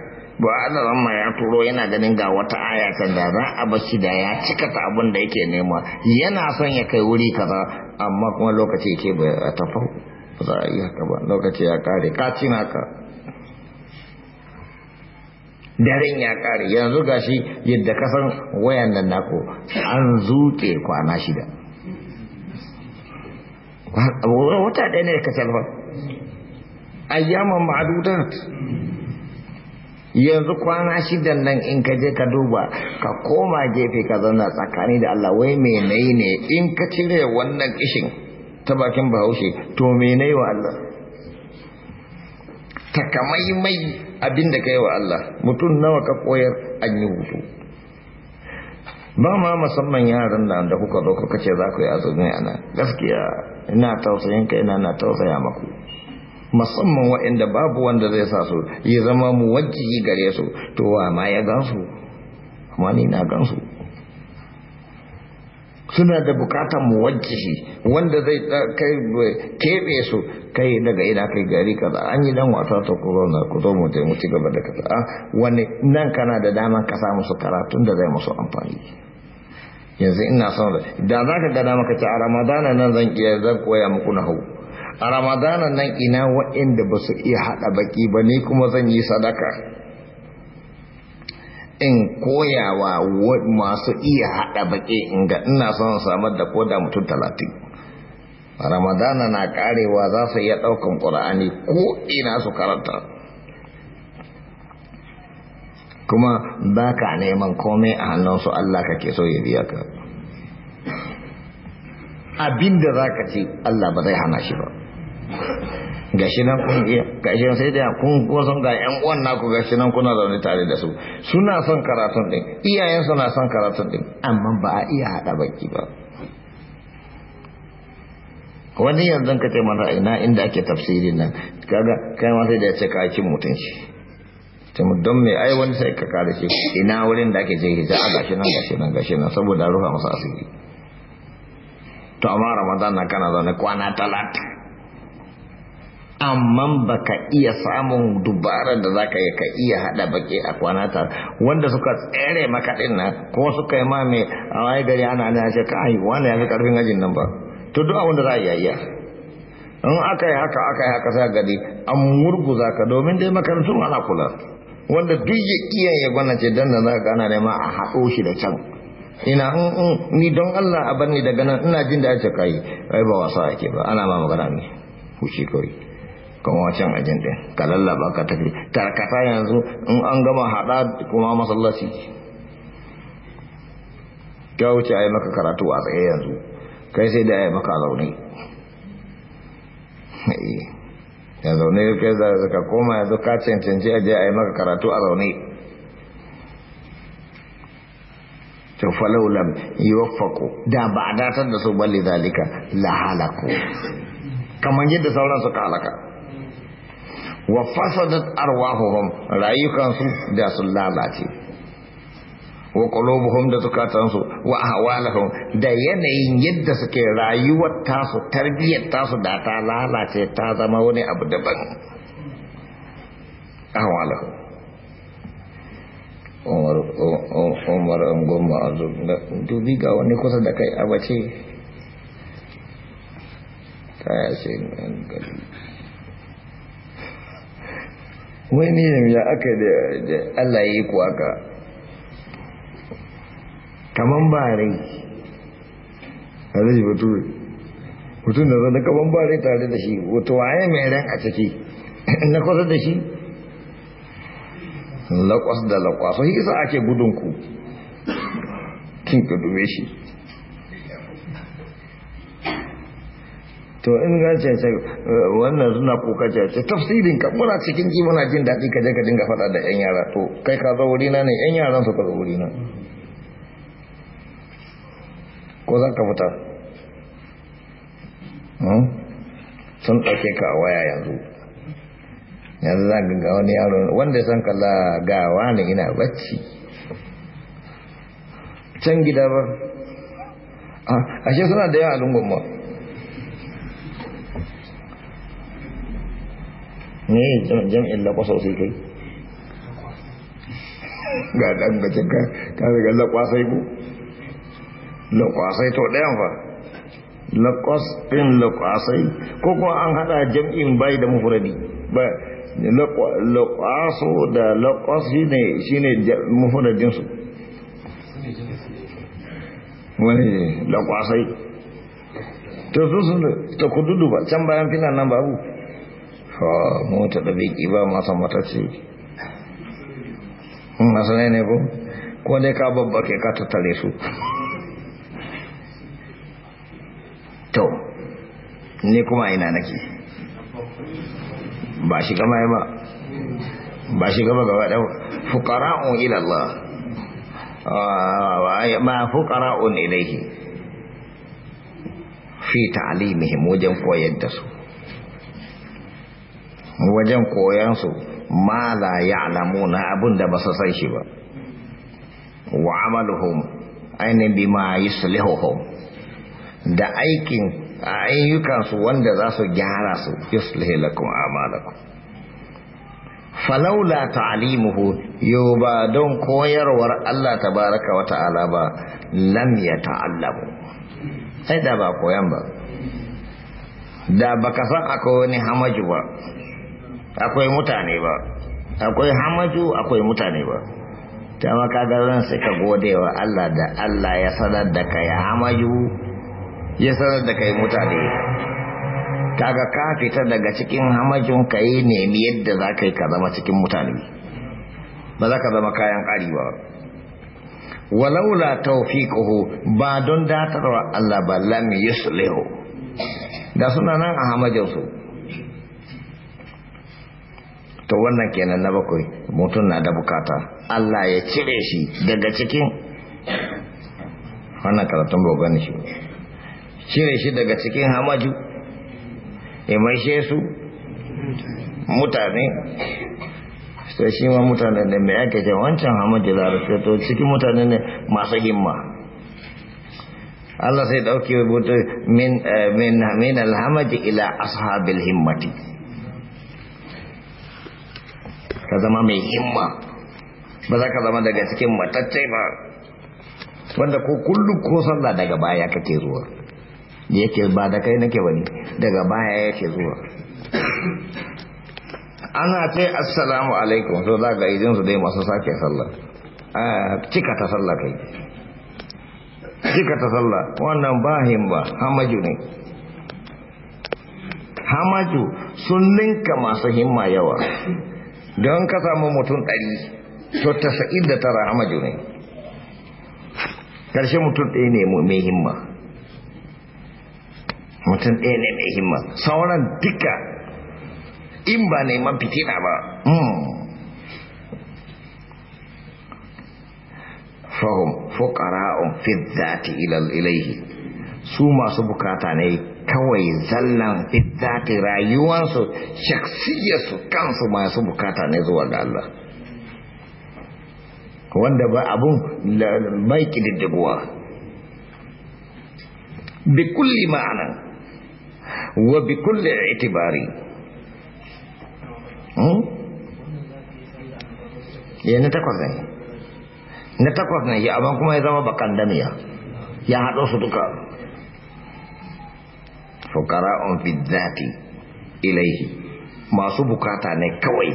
ba Allah ramma ya turo yana ganin ga wata aya can da za a bashi da ya cika ta abin da yake nema yana son ya kai wuri kaza amma kuma lokaci yake ba ta fa za a yi haka ba lokaci ya kare ka cin haka daren ya kare yanzu gashi yadda kasan wayan nan nako an zuke kwana shida wata ɗaya ne ka salfa ayyaman ma'adudan yanzu kwana shida nan in ka je ka duba ka koma gefe ka zauna tsakani da Allah wai menene in ka cire wannan kishin ta bakin bahaushe to menene wa Allah mai abin da ka wa Allah mutum nawa ka koyar an yi hutu ba ma musamman yaran nan da kuka zo kuka ce za ku yi azumi a gaskiya ina tausayin ka ina na tausaya maku musamman waɗanda babu wanda zai sa su ya zama mu wajji gare su to wa ma ya gansu amma ni na gansu suna da bukatar mu wanda zai kai kebe su kai daga ina kai gari kaza an yi dan wasa ta corona ku zo mu je mu gaba da kaza ah, wani nan kana da daman ka samu su karatun da zai musu amfani yanzu ina son da da za ka gada maka ce a ramadana nan zan iya zan koya muku na hau a ramadana nan ina waɗanda ba su iya haɗa baki ba ni kuma zan yi sadaka in koyawa masu iya haɗa baƙi in ga ina son samar da koda mutum talatin ramadana na karewa za su iya ɗaukan ƙura'ani ko ina su karanta kuma ba ka neman komai a hannun su allah kake so ya biya ka abinda za ka allah ba zai hana shi ba gashi nan kun iya gashi nan sai da kun san da yan uwan naku gashi nan kuna zaune tare da su suna son karatun din iyayen suna son karatun din amma ba a iya hada baki ba wani yanzu ka ce mana ina inda ake tafsirin nan kaga kai ma sai da ya ce ka kin mutunci tun don me ai wani sai ka kare shi ina wurin da ake je hija a gashi nan gashi nan gashi nan saboda ruha masa asiri to amma ramadan na kana zaune kwana talatin amma baka iya samun dubara da zaka yi ka iya hada baki a kwana ta wanda suka tsere maka din nan ko suka yi ma mai a wani gari ana a ce ai wani ya fi karfin ajin nan ba to duk abin da za a yi ya. in aka yi haka aka yi haka sai gari an murguza ka domin dai makarantun ana kula wanda duk ya iya ya gwanace dan da zaka gana ma a haɗo shi da can ina mm, mm, ni don Allah a bar ni daga nan ina jin da ake kai ai ba wasa ake ba ana ma magana ne ku shi kawai kuma wancan ajin din ka lallaba ka tafi tarkata yanzu in an gama hada kuma masallaci ka wuce a yi maka karatu a tsaye yanzu kai sai da ya yi maka zaune ya zaune kai za ka koma yanzu ka cancanci a je a yi maka karatu a zaune to falau lam yuwaffaqu da ba a datar da su balle zalika la halaku kamar yadda sauran suka halaka wa fasadat arwahuhum rayukansu da sun lalace wa qulubuhum da zukatansu wa ahwaluhum da yanayin yadda suke rayuwar tasu tarbiyyar tasu da ta lalace ta zama wani abu daban ahwaluhum umar umar gomma azum dubi ga wani kusa da kai abace ta yace ne wai ne ya aka da Allah ya yi ku aka kaman ba rai a zai bature mutum da zai kaman ba rai tare da shi wato waye mai ran a ciki na kwasa da shi laƙwas da lakwas yi shi isa ake gudunku ku kin ka dume shi to in ga ce eh, wannan suna kuka ce tafsirin ka muna cikin ji muna jin daɗi ka je ka dinga faɗa da yan yara to kai ka zo na ne yan yaran su ka zo na ko za ka fita hmm? sun ɗauke ka a waya yanzu yanzu za ka ga wani yaro wanda san kalla ga wani ina bacci can gida ba A ah, shi suna da yawa lungun ma me jam'in lakwasa sai kai ga dan gajin ka ka daga lakwasai ku lakwasai to ɗayan fa lakwas ɗin lakwasai ko kuma an haɗa jam'in bai da mufuradi ba lakwaso da lakwas shine shine mufuradin su wani lakwasai ta su da ta kududu ba can bayan filan nan babu mota da biki ba masa matacce masu ne ne ko ko dai ka babba ke ka tattale su to ne kuma ina nake ba shi gama ba ba shi gama gaba ɗau fukara'un ilallah ah, ma fukara'un ilaihi fi ta'alimihim wajen koyar da su wajen koyansu ma la na abun da ba san shi ba wa amaluhum ainihin bima yuslihuhum da aikin ayyukansu wanda za su gyara su yuslihu lakum amalakum falaula ta'limuhu yau ba don koyarwar Allah tabaraka wa ta'ala ba lam ta'allamu sai da ba koyan ba da baka san akwai wani hamaju ba akwai mutane ba akwai hamaju akwai mutane ba ta maka ran sai ka gode wa Allah da Allah ya sanar da kai hamaju ya sanar da kai mutane kaga ka fita daga cikin hamajun ka yi nemi yadda za ka yi ka zama cikin mutane ba za ka zama kayan ƙari ba walaula tawfiquhu ba don datarwa Allah ba lam yuslihu da suna nan a hamajinsu to wannan kenan na bakwai mutum na da bukata Allah ya cire shi daga cikin wannan karatun bogani shi cire shi daga cikin hamaju ya maishe su mutane sai shi ma mutane ne mai ake ce wancan hamaju da rufe to cikin mutane ne masu himma Allah sai dauke eh, min min min alhamaji ila ashabil himmati ka zama mai himma ba za ka zama daga cikin matacce ba wanda ko kullum ko sallah daga baya kake zuwa da yake ba da kai nake wani daga baya yake zuwa ana ce assalamu alaikum to za ga idin su dai masu sake sallah cika ta sallah kai cika ta sallah wannan ba himma hamaju ne hamaju sun ninka masu himma yawa don ka samu mutum ɗari to tasa'in da tara a ne ƙarshe mutum ɗaya ne mai himma mutum ɗaya ne mai himma sauran duka in ba neman fitina ba hmm. fahim fukara'un fi zati ilaihi su masu bukata ne kawai zallan fizzati rayuwansu shaksiyarsu kansu masu bukata ne zuwa ga Allah wanda ba abun mai kididdiguwa bi kulli ma'ana wa bi kulli itibari hmm? ya na takwas ne na takwas ne ya abin kuma ya zama bakan damiya ya haɗo su duka fuqara'un fi dhati masu bukata ne kawai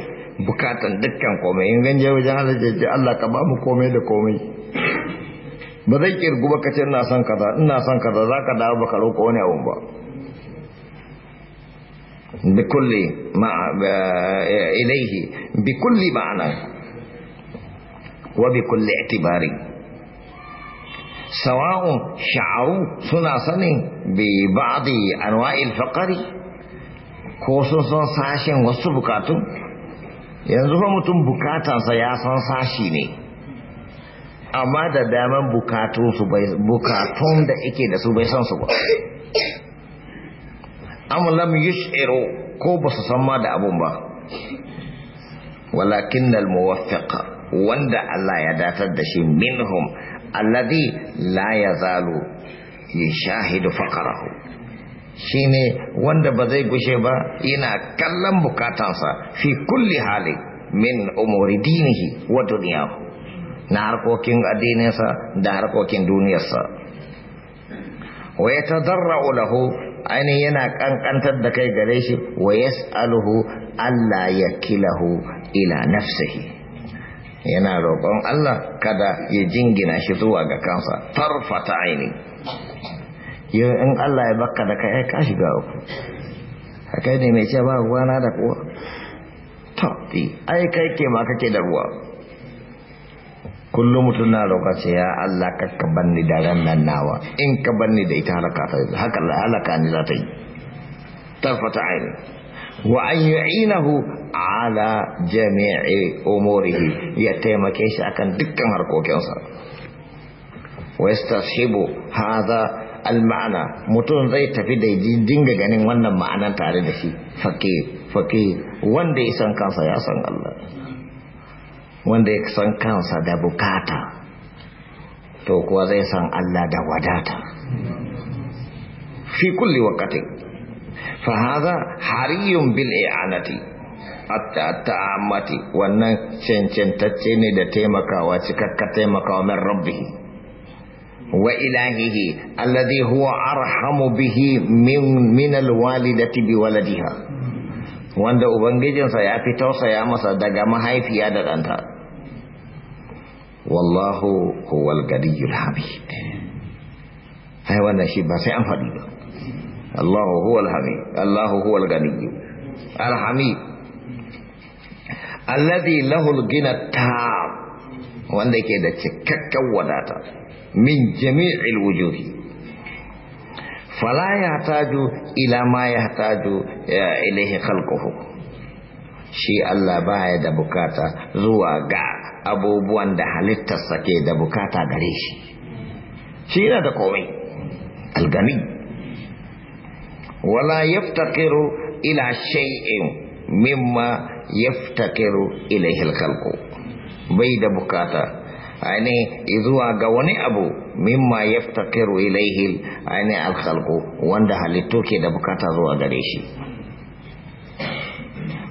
bukatan dukkan komai in ganje wajen Allah Allah ka ba mu komai da komai ba zai kirgu ba kace ina son kaza ina son kaza zaka dawo baka roƙo wani abu ba بكل ما bikulli بكل معنى وبكل sawa'un sha'aru suna sanin bi ba'di anwa'il faqari ko sun san sashen wasu bukatun yanzu fa mutum bukatansa ya san sashi ne amma da damar bukatun da ake da su bai san su ba am lam ko ba su san ma da abun ba walakin al muwaffiq wanda Allah ya datar da shi minhum alladhi la yazalu yashahidu faqarahu shine wanda ba zai gushe ba yana kallon bukatansa fi kulli hali min umuri dinihi wa duniya na harkokin addininsa da harkokin duniyarsa wa yatadarra'u lahu ainihin yana kankantar da kai gare shi wa yas'aluhu Allah ya kilahu ila nafsihi yana roƙon Allah kada ya jingina shi zuwa ga kansa tarfata aini yau in Allah ya baka da kai kashi ga uku kai ne mai ce ba ruwana da kuwa to ai kai ke ma kake da ruwa kullum mutum na roƙa ce ya Allah ka ka banni da ran nan nawa in ka banni da ita halaka ta haka halaka ni za ta yi tarfata aini wa an yu'inahu ala jami'i umurihi ya taimake shi akan dukkan harkokinsa wastasibu hadha al-ma'ana mutum zai tafi da dinga ganin wannan ma'anan tare da shi fake fake wanda ya san kansa ya san Allah wanda ya san kansa da bukata to kuwa zai san Allah da wadata fi kulli waqti fa hadha hariyun bil i'anati taamati wannan cancantacce ne da taimakawa cikakka taimakawa min rabbih wa ilahihi huwa arhamu bihi min min alwalidati bi waladiha wanda ubangijinsa ya fi tausaya masa daga mahaifiya da danta. wallahu huwal gadiyyul hamid wannan shi ba sai an faɗi ba Allahu huwal hamid Allahu huwal hamid alladhi lahul gina ta wanda yake da cikakken wadata min jami'il wujuhi fala yahtaju ila ma yahtaju ilayhi khalquhu shi Allah baya da bukata zuwa ga abubuwan da halittarsa ke da bukata gare shi shi yana da komai algani wala yaftaqiru ila shay'in mimma yaftakiru ilaihil khalqu bai da bukata Aini izuwa ga wani abu mimma yaftakiru ilaihil Aini alkhalqu wanda halittu ke da bukata zuwa gare shi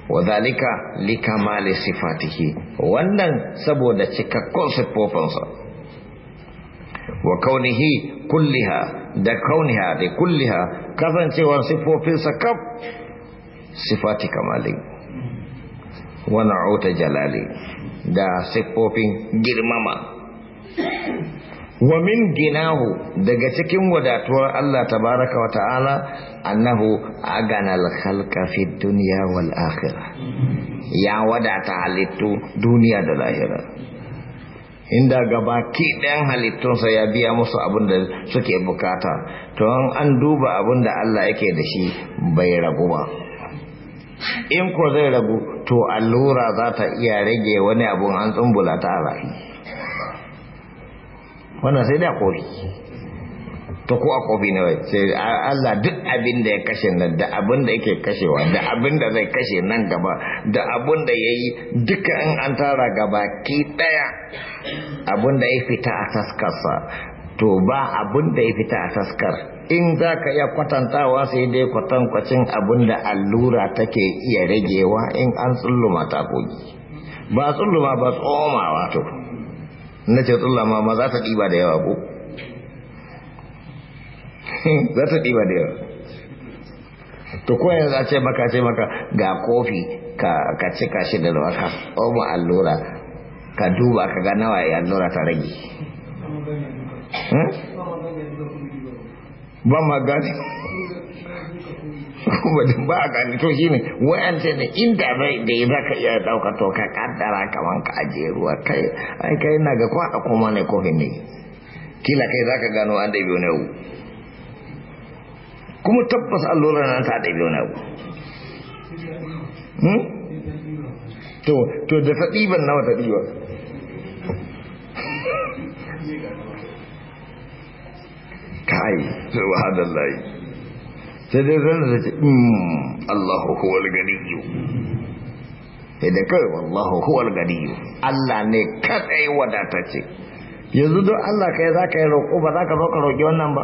wadhalika likamali sifatihi wannan saboda cikakkun siffofinsa wa kaunihi kulliha da kauniha da kulliha kasancewar siffofinsa kaf sifati kamali wani auta jalali da siffofin girmama wa min ginahu daga cikin wadatuwar Allah tabaraka wa ta'ala annahu aganal khalqa fi dunya wal akhirah ya wadata halittu duniya da lahira inda gaba ki ɗayan halittunsa ya biya musu abin da suke bukata to an duba abin da Allah yake da shi bai ragu ba in ko zai ragu to allura za ta iya rage wani abun an tsumbula ta a wannan sai da kofi ta ko a kofi ne wai sai Allah duk abin da ya kashe nan da abin da yake kashewa da abin da zai kashe nan gaba da abin da ya yi duka an tara gaba ki daya abin da ya fita a taskarsa to ba abun da ya fita a taskar in za ka iya kwatantawa sai dai kwatankwacin abun da allura take iya ragewa in an tsulluma ta kogi ba tsulluma ba tsoma wato na ce tsulluma ma za ta ɗiba da yawa ko za ta ɗiba da yawa to ko yanzu a ce maka ce maka ga kofi ka cika shi da waka tsoma allura ka duba ka ga nawa ya allura ta rage Hmm? ba ma gane ba a gane to inda bai da ya zaka iya dauka to ka kaddara kaman ka ruwa kai ai kai na ga kuma ne kila kai gano an kuma tabbas allura na ta hmm? to to da nawa kai subhanallahi sai dai ranar da ce hmm, Allahu huwal gani sai dai kai wallahu huwal ganiyyu Allah ne kadai ce yanzu don Allah kai za ka yi roƙo ba za ka zo ka roƙi wannan ba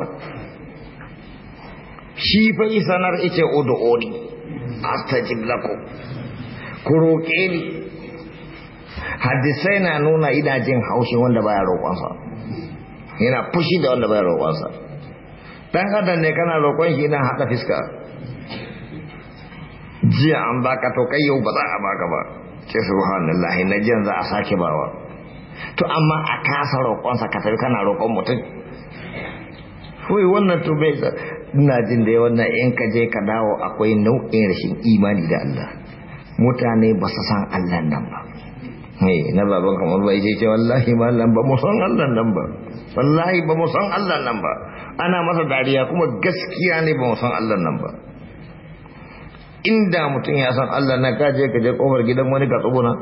shi fa sanar ice odi? astajib lakum ku roƙe ni hadisai na nuna ina jin haushi wanda baya roƙonsa yana fushi da wanda baya roƙonsa dan adam ne kana rokon shi na haɗa fiska jiya an baka to kai yau ba za a baka ba ce subhanallah na jiyan za a sake bawa to amma a kasa roƙonsa sa tafi kana roƙon mutum wai wannan to bai ina jin da wannan in ka je ka dawo akwai nau'in rashin imani da Allah mutane ba su san Allah nan ba ne na baban kamar bai ce wallahi Allah ba mu san Allah nan ba wallahi ba mu san Allah nan ba ana masa dariya kuma gaskiya ne ba san Allah nan ba inda mutum ya san Allah nan kaje ka je kofar gidan wani ka tsubuna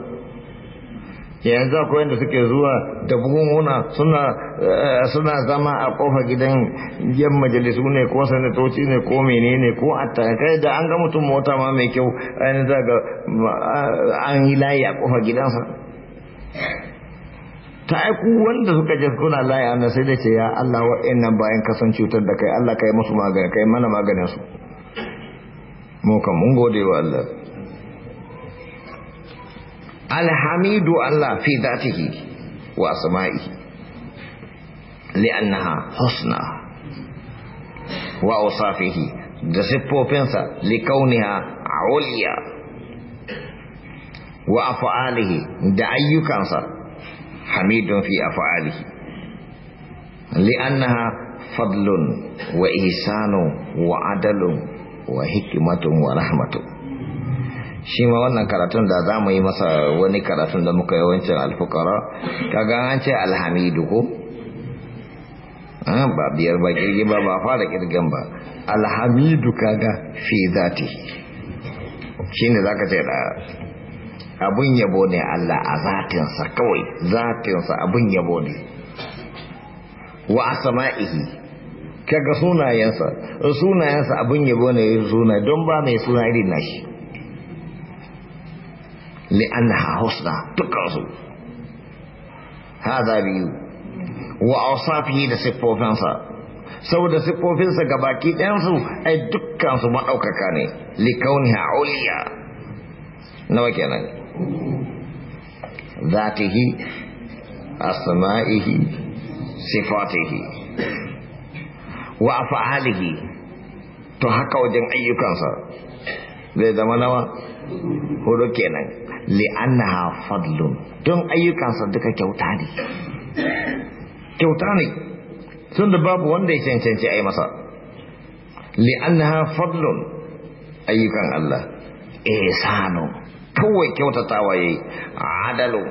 yanzu akwai wanda suke zuwa da buhunhuna suna eh, suna zama a kofar gidan yan majalisu ne ko sanatoci ne ko menene ko attakai da an ga mutum mota ma mai kyau za ga eh, an yi layi a kofar gidansa ta aiku wanda suka je suna laya na sai da ce ya Allah wa'annan bayan kasan cutar da kai Allah kai musu magani kai mana maganin su mu kan mun gode wa Allah alhamidu Allah fi dhatihi wa asma'ihi li'annaha husna wa usafihi da siffofinsa likauniha uliya wa af'alihi da ayyukansa hamidun fi af'alihi li'annaha fadlun wa ihsanun wa adalun wa hikmatun wa rahmatun shi ma wannan karatun da za mu yi masa wani karatun da muka yawancin alfukara kaga an ce alhamidu ko ba biyar ba kirgin ba ba fara kirgin ba alhamidu kaga fi zati shi ne za ka ce da abun yabo ne Allah a zatinsa kawai zatinsa abun yabo ne wa a sama'ihi kaga sunayensa sunayensa abun yabo ne suna don ba mai suna irin nashi li'annaha husna dukansu zabi biyu wa awsafihi da siffofinsa saboda siffofinsa ga baki ɗansu ai dukkansu maɗaukaka ne likauniha uliya nawa kenan ذاته أسمائه صفاته وأفعاله تحقق وجن أي كنصر zai zama nawa hudu kenan li'annaha don ayyukansa duka kyauta ne kyauta ne sun da babu wanda ya cancanci a yi masa li'annaha fadlun ayyukan Allah ihsanu kawai kyautatawa yayi adalu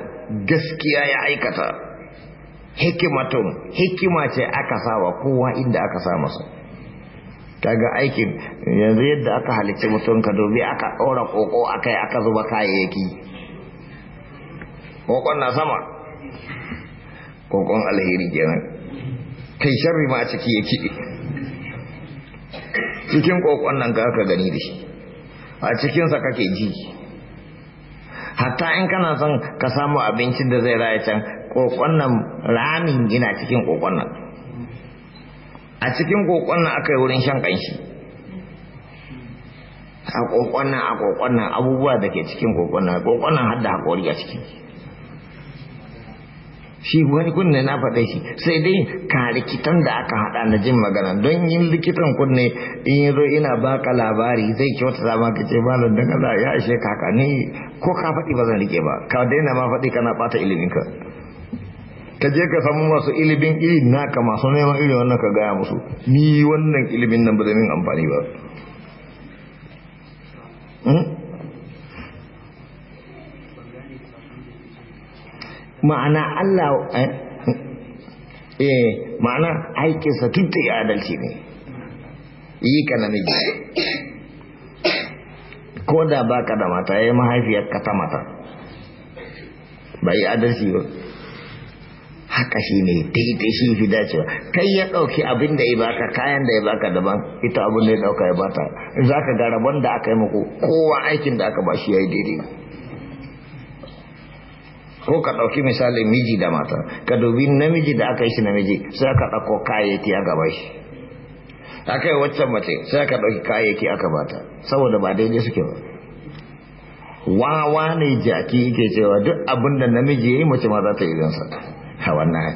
gaskiya ya aikata hikimatun hikima ce aka sawa kowa inda aka sa masa kaga aikin yanzu yadda aka halicci mutum ka aka ɗora ƙoƙo a kai aka zuba kayayyaki ƙoƙon na sama ƙoƙon alheri kenan kai sharri ma ciki ya kiɗe cikin ƙoƙon nan ka aka gani da shi a cikinsa kake ji hatta in kana son ka samu abincin da zai raya can kokon nan ramin yana cikin kokon nan a cikin kokon nan aka yi wurin shan kanshi a kokon nan a kokon nan abubuwa da ke cikin kokon nan kokon nan har da haƙori a cikin. shi wani kunne na faɗe shi sai dai ka likitan da aka haɗa na jin magana don yin likitan kunne in yi zo ina baka labari zai kyauta ta ka ce malam da kaza ya ishe kaka ko ka faɗi ba zan rike ba ka daina ma faɗi kana ɓata ilimin ka ka je ka samu masu ilimin na naka masu neman iri wannan ka gaya musu ni wannan ilimin nan ba zai min amfani ba ma'ana Allah eh, eh ma'ana aikinsa tuntun ya adalci ne yi ka namiji ko da baka da mata ya yi mahaifiyar ka ta mata ba adalci ba haka shi ne daidai shi fi dacewa kai ya ɗauki abin da ya baka kayan da ya baka daban ita abin da ya ɗauka ya bata za ka ga rabon da aka yi muku kowa aikin da aka ba shi ya yi daidai ko ka ɗauki misali miji da mata ka dubi namiji da aka yi shi namiji sai ka ɗauko kayayyaki a gaba shi aka yi waccan mace sai ka ɗauki kayayyaki aka bata saboda ba daidai suke ba wawa ne jaki yake cewa duk abin da namiji ya yi mace ma za ta yi zansa a wannan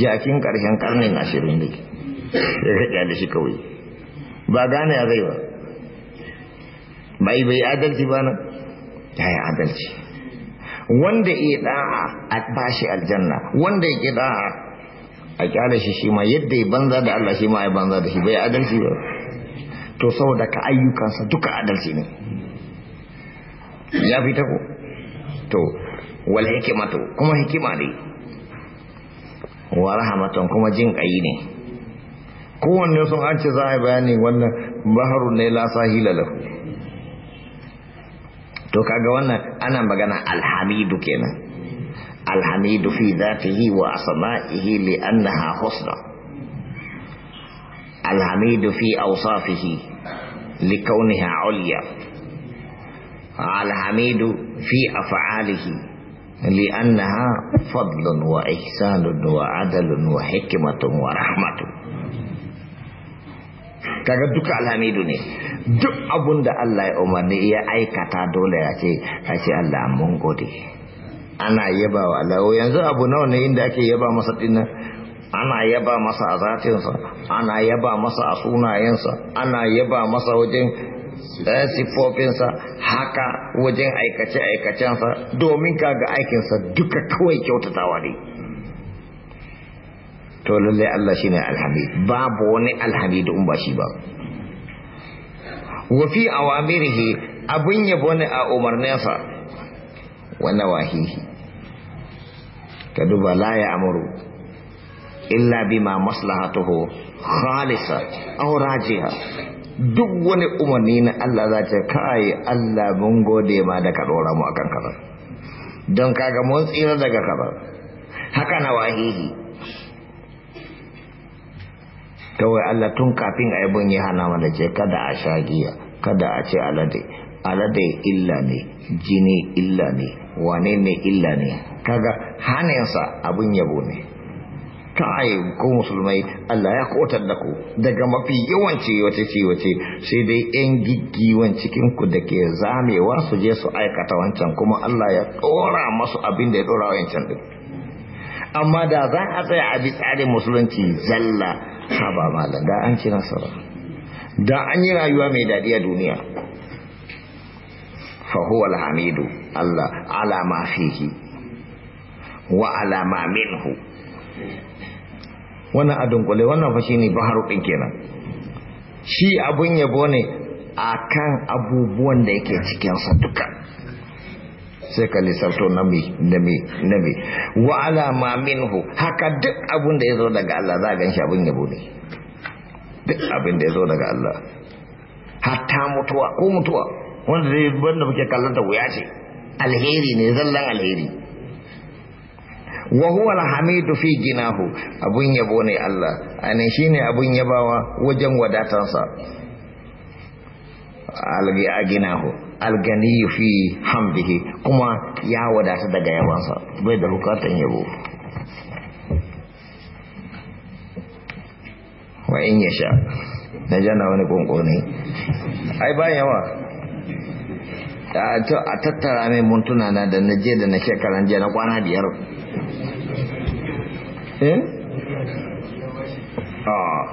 jakin ƙarshen karnin ashirin ne ya kaɗa da shi kawai ba gane a zai ba bai bai adalci ba nan ya yi adalci wanda ya da'a a bashi aljanna wanda ya da'a a kyale shi shi ma yadda ya banza da Allah shi ma ya banza da shi bai adalci ba to saboda ka ayyukansa duka adalci ne ya fita ko to wal hikimatu kuma hikima ne wa rahmatun kuma jin kai ne kowanne sun an ce za a yi bayani wannan baharu ne la sahila lahu to kaga wannan ana magana alhamidu kenan alhamidu fi zatihi wa asma'ihi li annaha husna alhamidu fi awsafihi li kawniha ulya alhamidu fi af'alihi li annaha fadlun wa ihsanun wa فضل wa hikmatun wa rahmatun kaga duka alhamidu ne duk abun da Allah ya umarni ya aikata dole ya ce ya ce Allah mun gode ana yaba wa Allah yanzu abu nawa ne inda ake yaba masa dinna ana yaba masa a zatinsa ana yaba masa a sunayensa ana yaba masa wajen eh, siffofinsa haka wajen aikace-aikacensa domin kaga aikinsa duka kawai kyautatawa ne to lallai Allah shine alhamid babu wani alhamid da ba shi ba wa fi awamirihi abun yabo ne a umarninsa wa nawahihi ka duba la ya amuru illa bima maslahatuhu khalisa aw rajiha duk wani umarni na Allah za ta kai Allah mun gode ma da ka dora mu akan kaza don kaga mun tsira daga kaza haka na wahihi kawai Allah tun kafin a yi ya hana mana ce kada a sha giya kada a ce alade alade illa ne jini illa ne wane ne illa ne kaga hanayensa abin yabo ne kai ko musulmai Allah ya kotar da ku daga mafi yawanci wace ce wace sai dai yan giggiwan cikin ku da ke zamewa su je su aikata wancan kuma Allah ya dora masu abin da ya dora wancan din amma da za a tsaya a bi tsarin musulunci zalla ba malam da an ci nasara da an yi rayuwa mai daɗi a duniya fa huwa alhamidu Allah ala ma fihi wa ala ma minhu wannan a dunkule wannan fa shine baharu din kenan shi abun yabo ne kan abubuwan da yake cikin sa duka sai ka lissafto na mai na mai na mai wa ala ma minhu haka duk abin da ya zo daga Allah za a ganshi abin yabo ne duk abin da ya zo daga Allah hatta mutuwa ko mutuwa wanda zai banda muke kallon ta wuya ce alheri ne zallan alheri wa huwa alhamidu fi ginahu abun yabo ne Allah anan shine abun yabawa wajen wadatansa a aginahu algani fi hambihi kuma ya wadata daga yawansa bai da bukatan yabo wa in ya sha na jana wani kunkuni ai ba yawa a tattara mai muntuna na da na je da na shekaran je na kwana biyar eh? ah,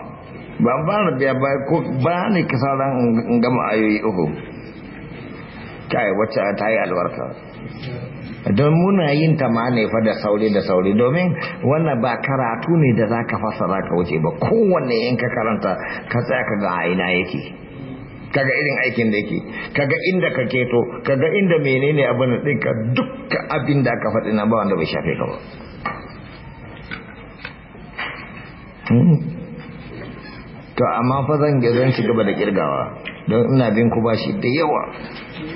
ba ba ba ne kasara in gama ayoyi uku kai wacce ta yi albarka don muna yin ta ma ne fa da sauri da sauri domin wannan ba karatu ne da zaka fasara ka wuce ba kowanne in ka karanta ka tsaya ka ga aina yake kaga irin aikin da yake kaga inda ka keto kaga inda menene abin din ka duk abin da ka faɗi na ba wanda bai shafe ka ba hmm. to amma fa zan ci gaba da kirgawa don ina bin ku bashi da yawa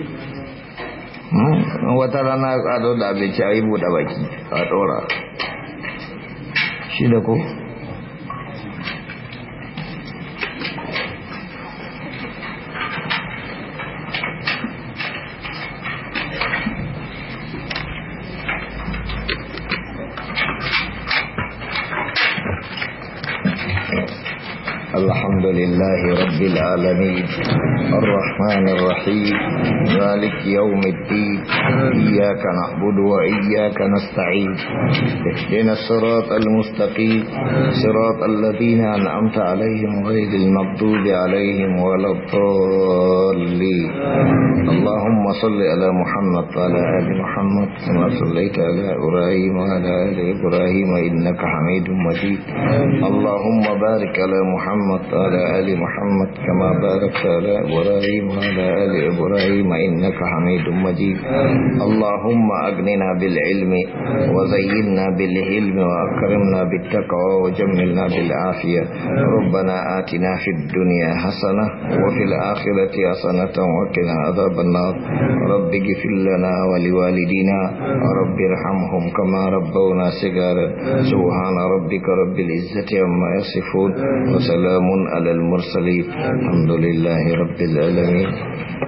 Hmm, wata rana a da abinci a yi buɗe baki a ɗora shi da ko لله رب العالمين الرحمن الرحيم مالك يوم الدين إياك نعبد وإياك نستعين اهدنا الصراط المستقيم صراط الذين أنعمت عليهم غير المغضوب عليهم ولا الضالين اللهم صل على محمد وعلى آل محمد كما صليت على إبراهيم وعلى آل إبراهيم إنك حميد مجيد اللهم بارك على محمد وعلى آل آل محمد كما باركت على إبراهيم وعلى آل إبراهيم إنك حميد مجيد اللهم أغننا بالعلم وزينا بالعلم وأكرمنا بالتقوى وجملنا بالعافية ربنا آتنا في الدنيا حسنة وفي الآخرة حسنة وقنا عذاب النار رب اغفر لنا ولوالدينا رب ارحمهم كما ربونا صغارا سبحان ربك رب العزة عما يصفون وسلام على المرسلين والمرسلين الحمد لله رب العالمين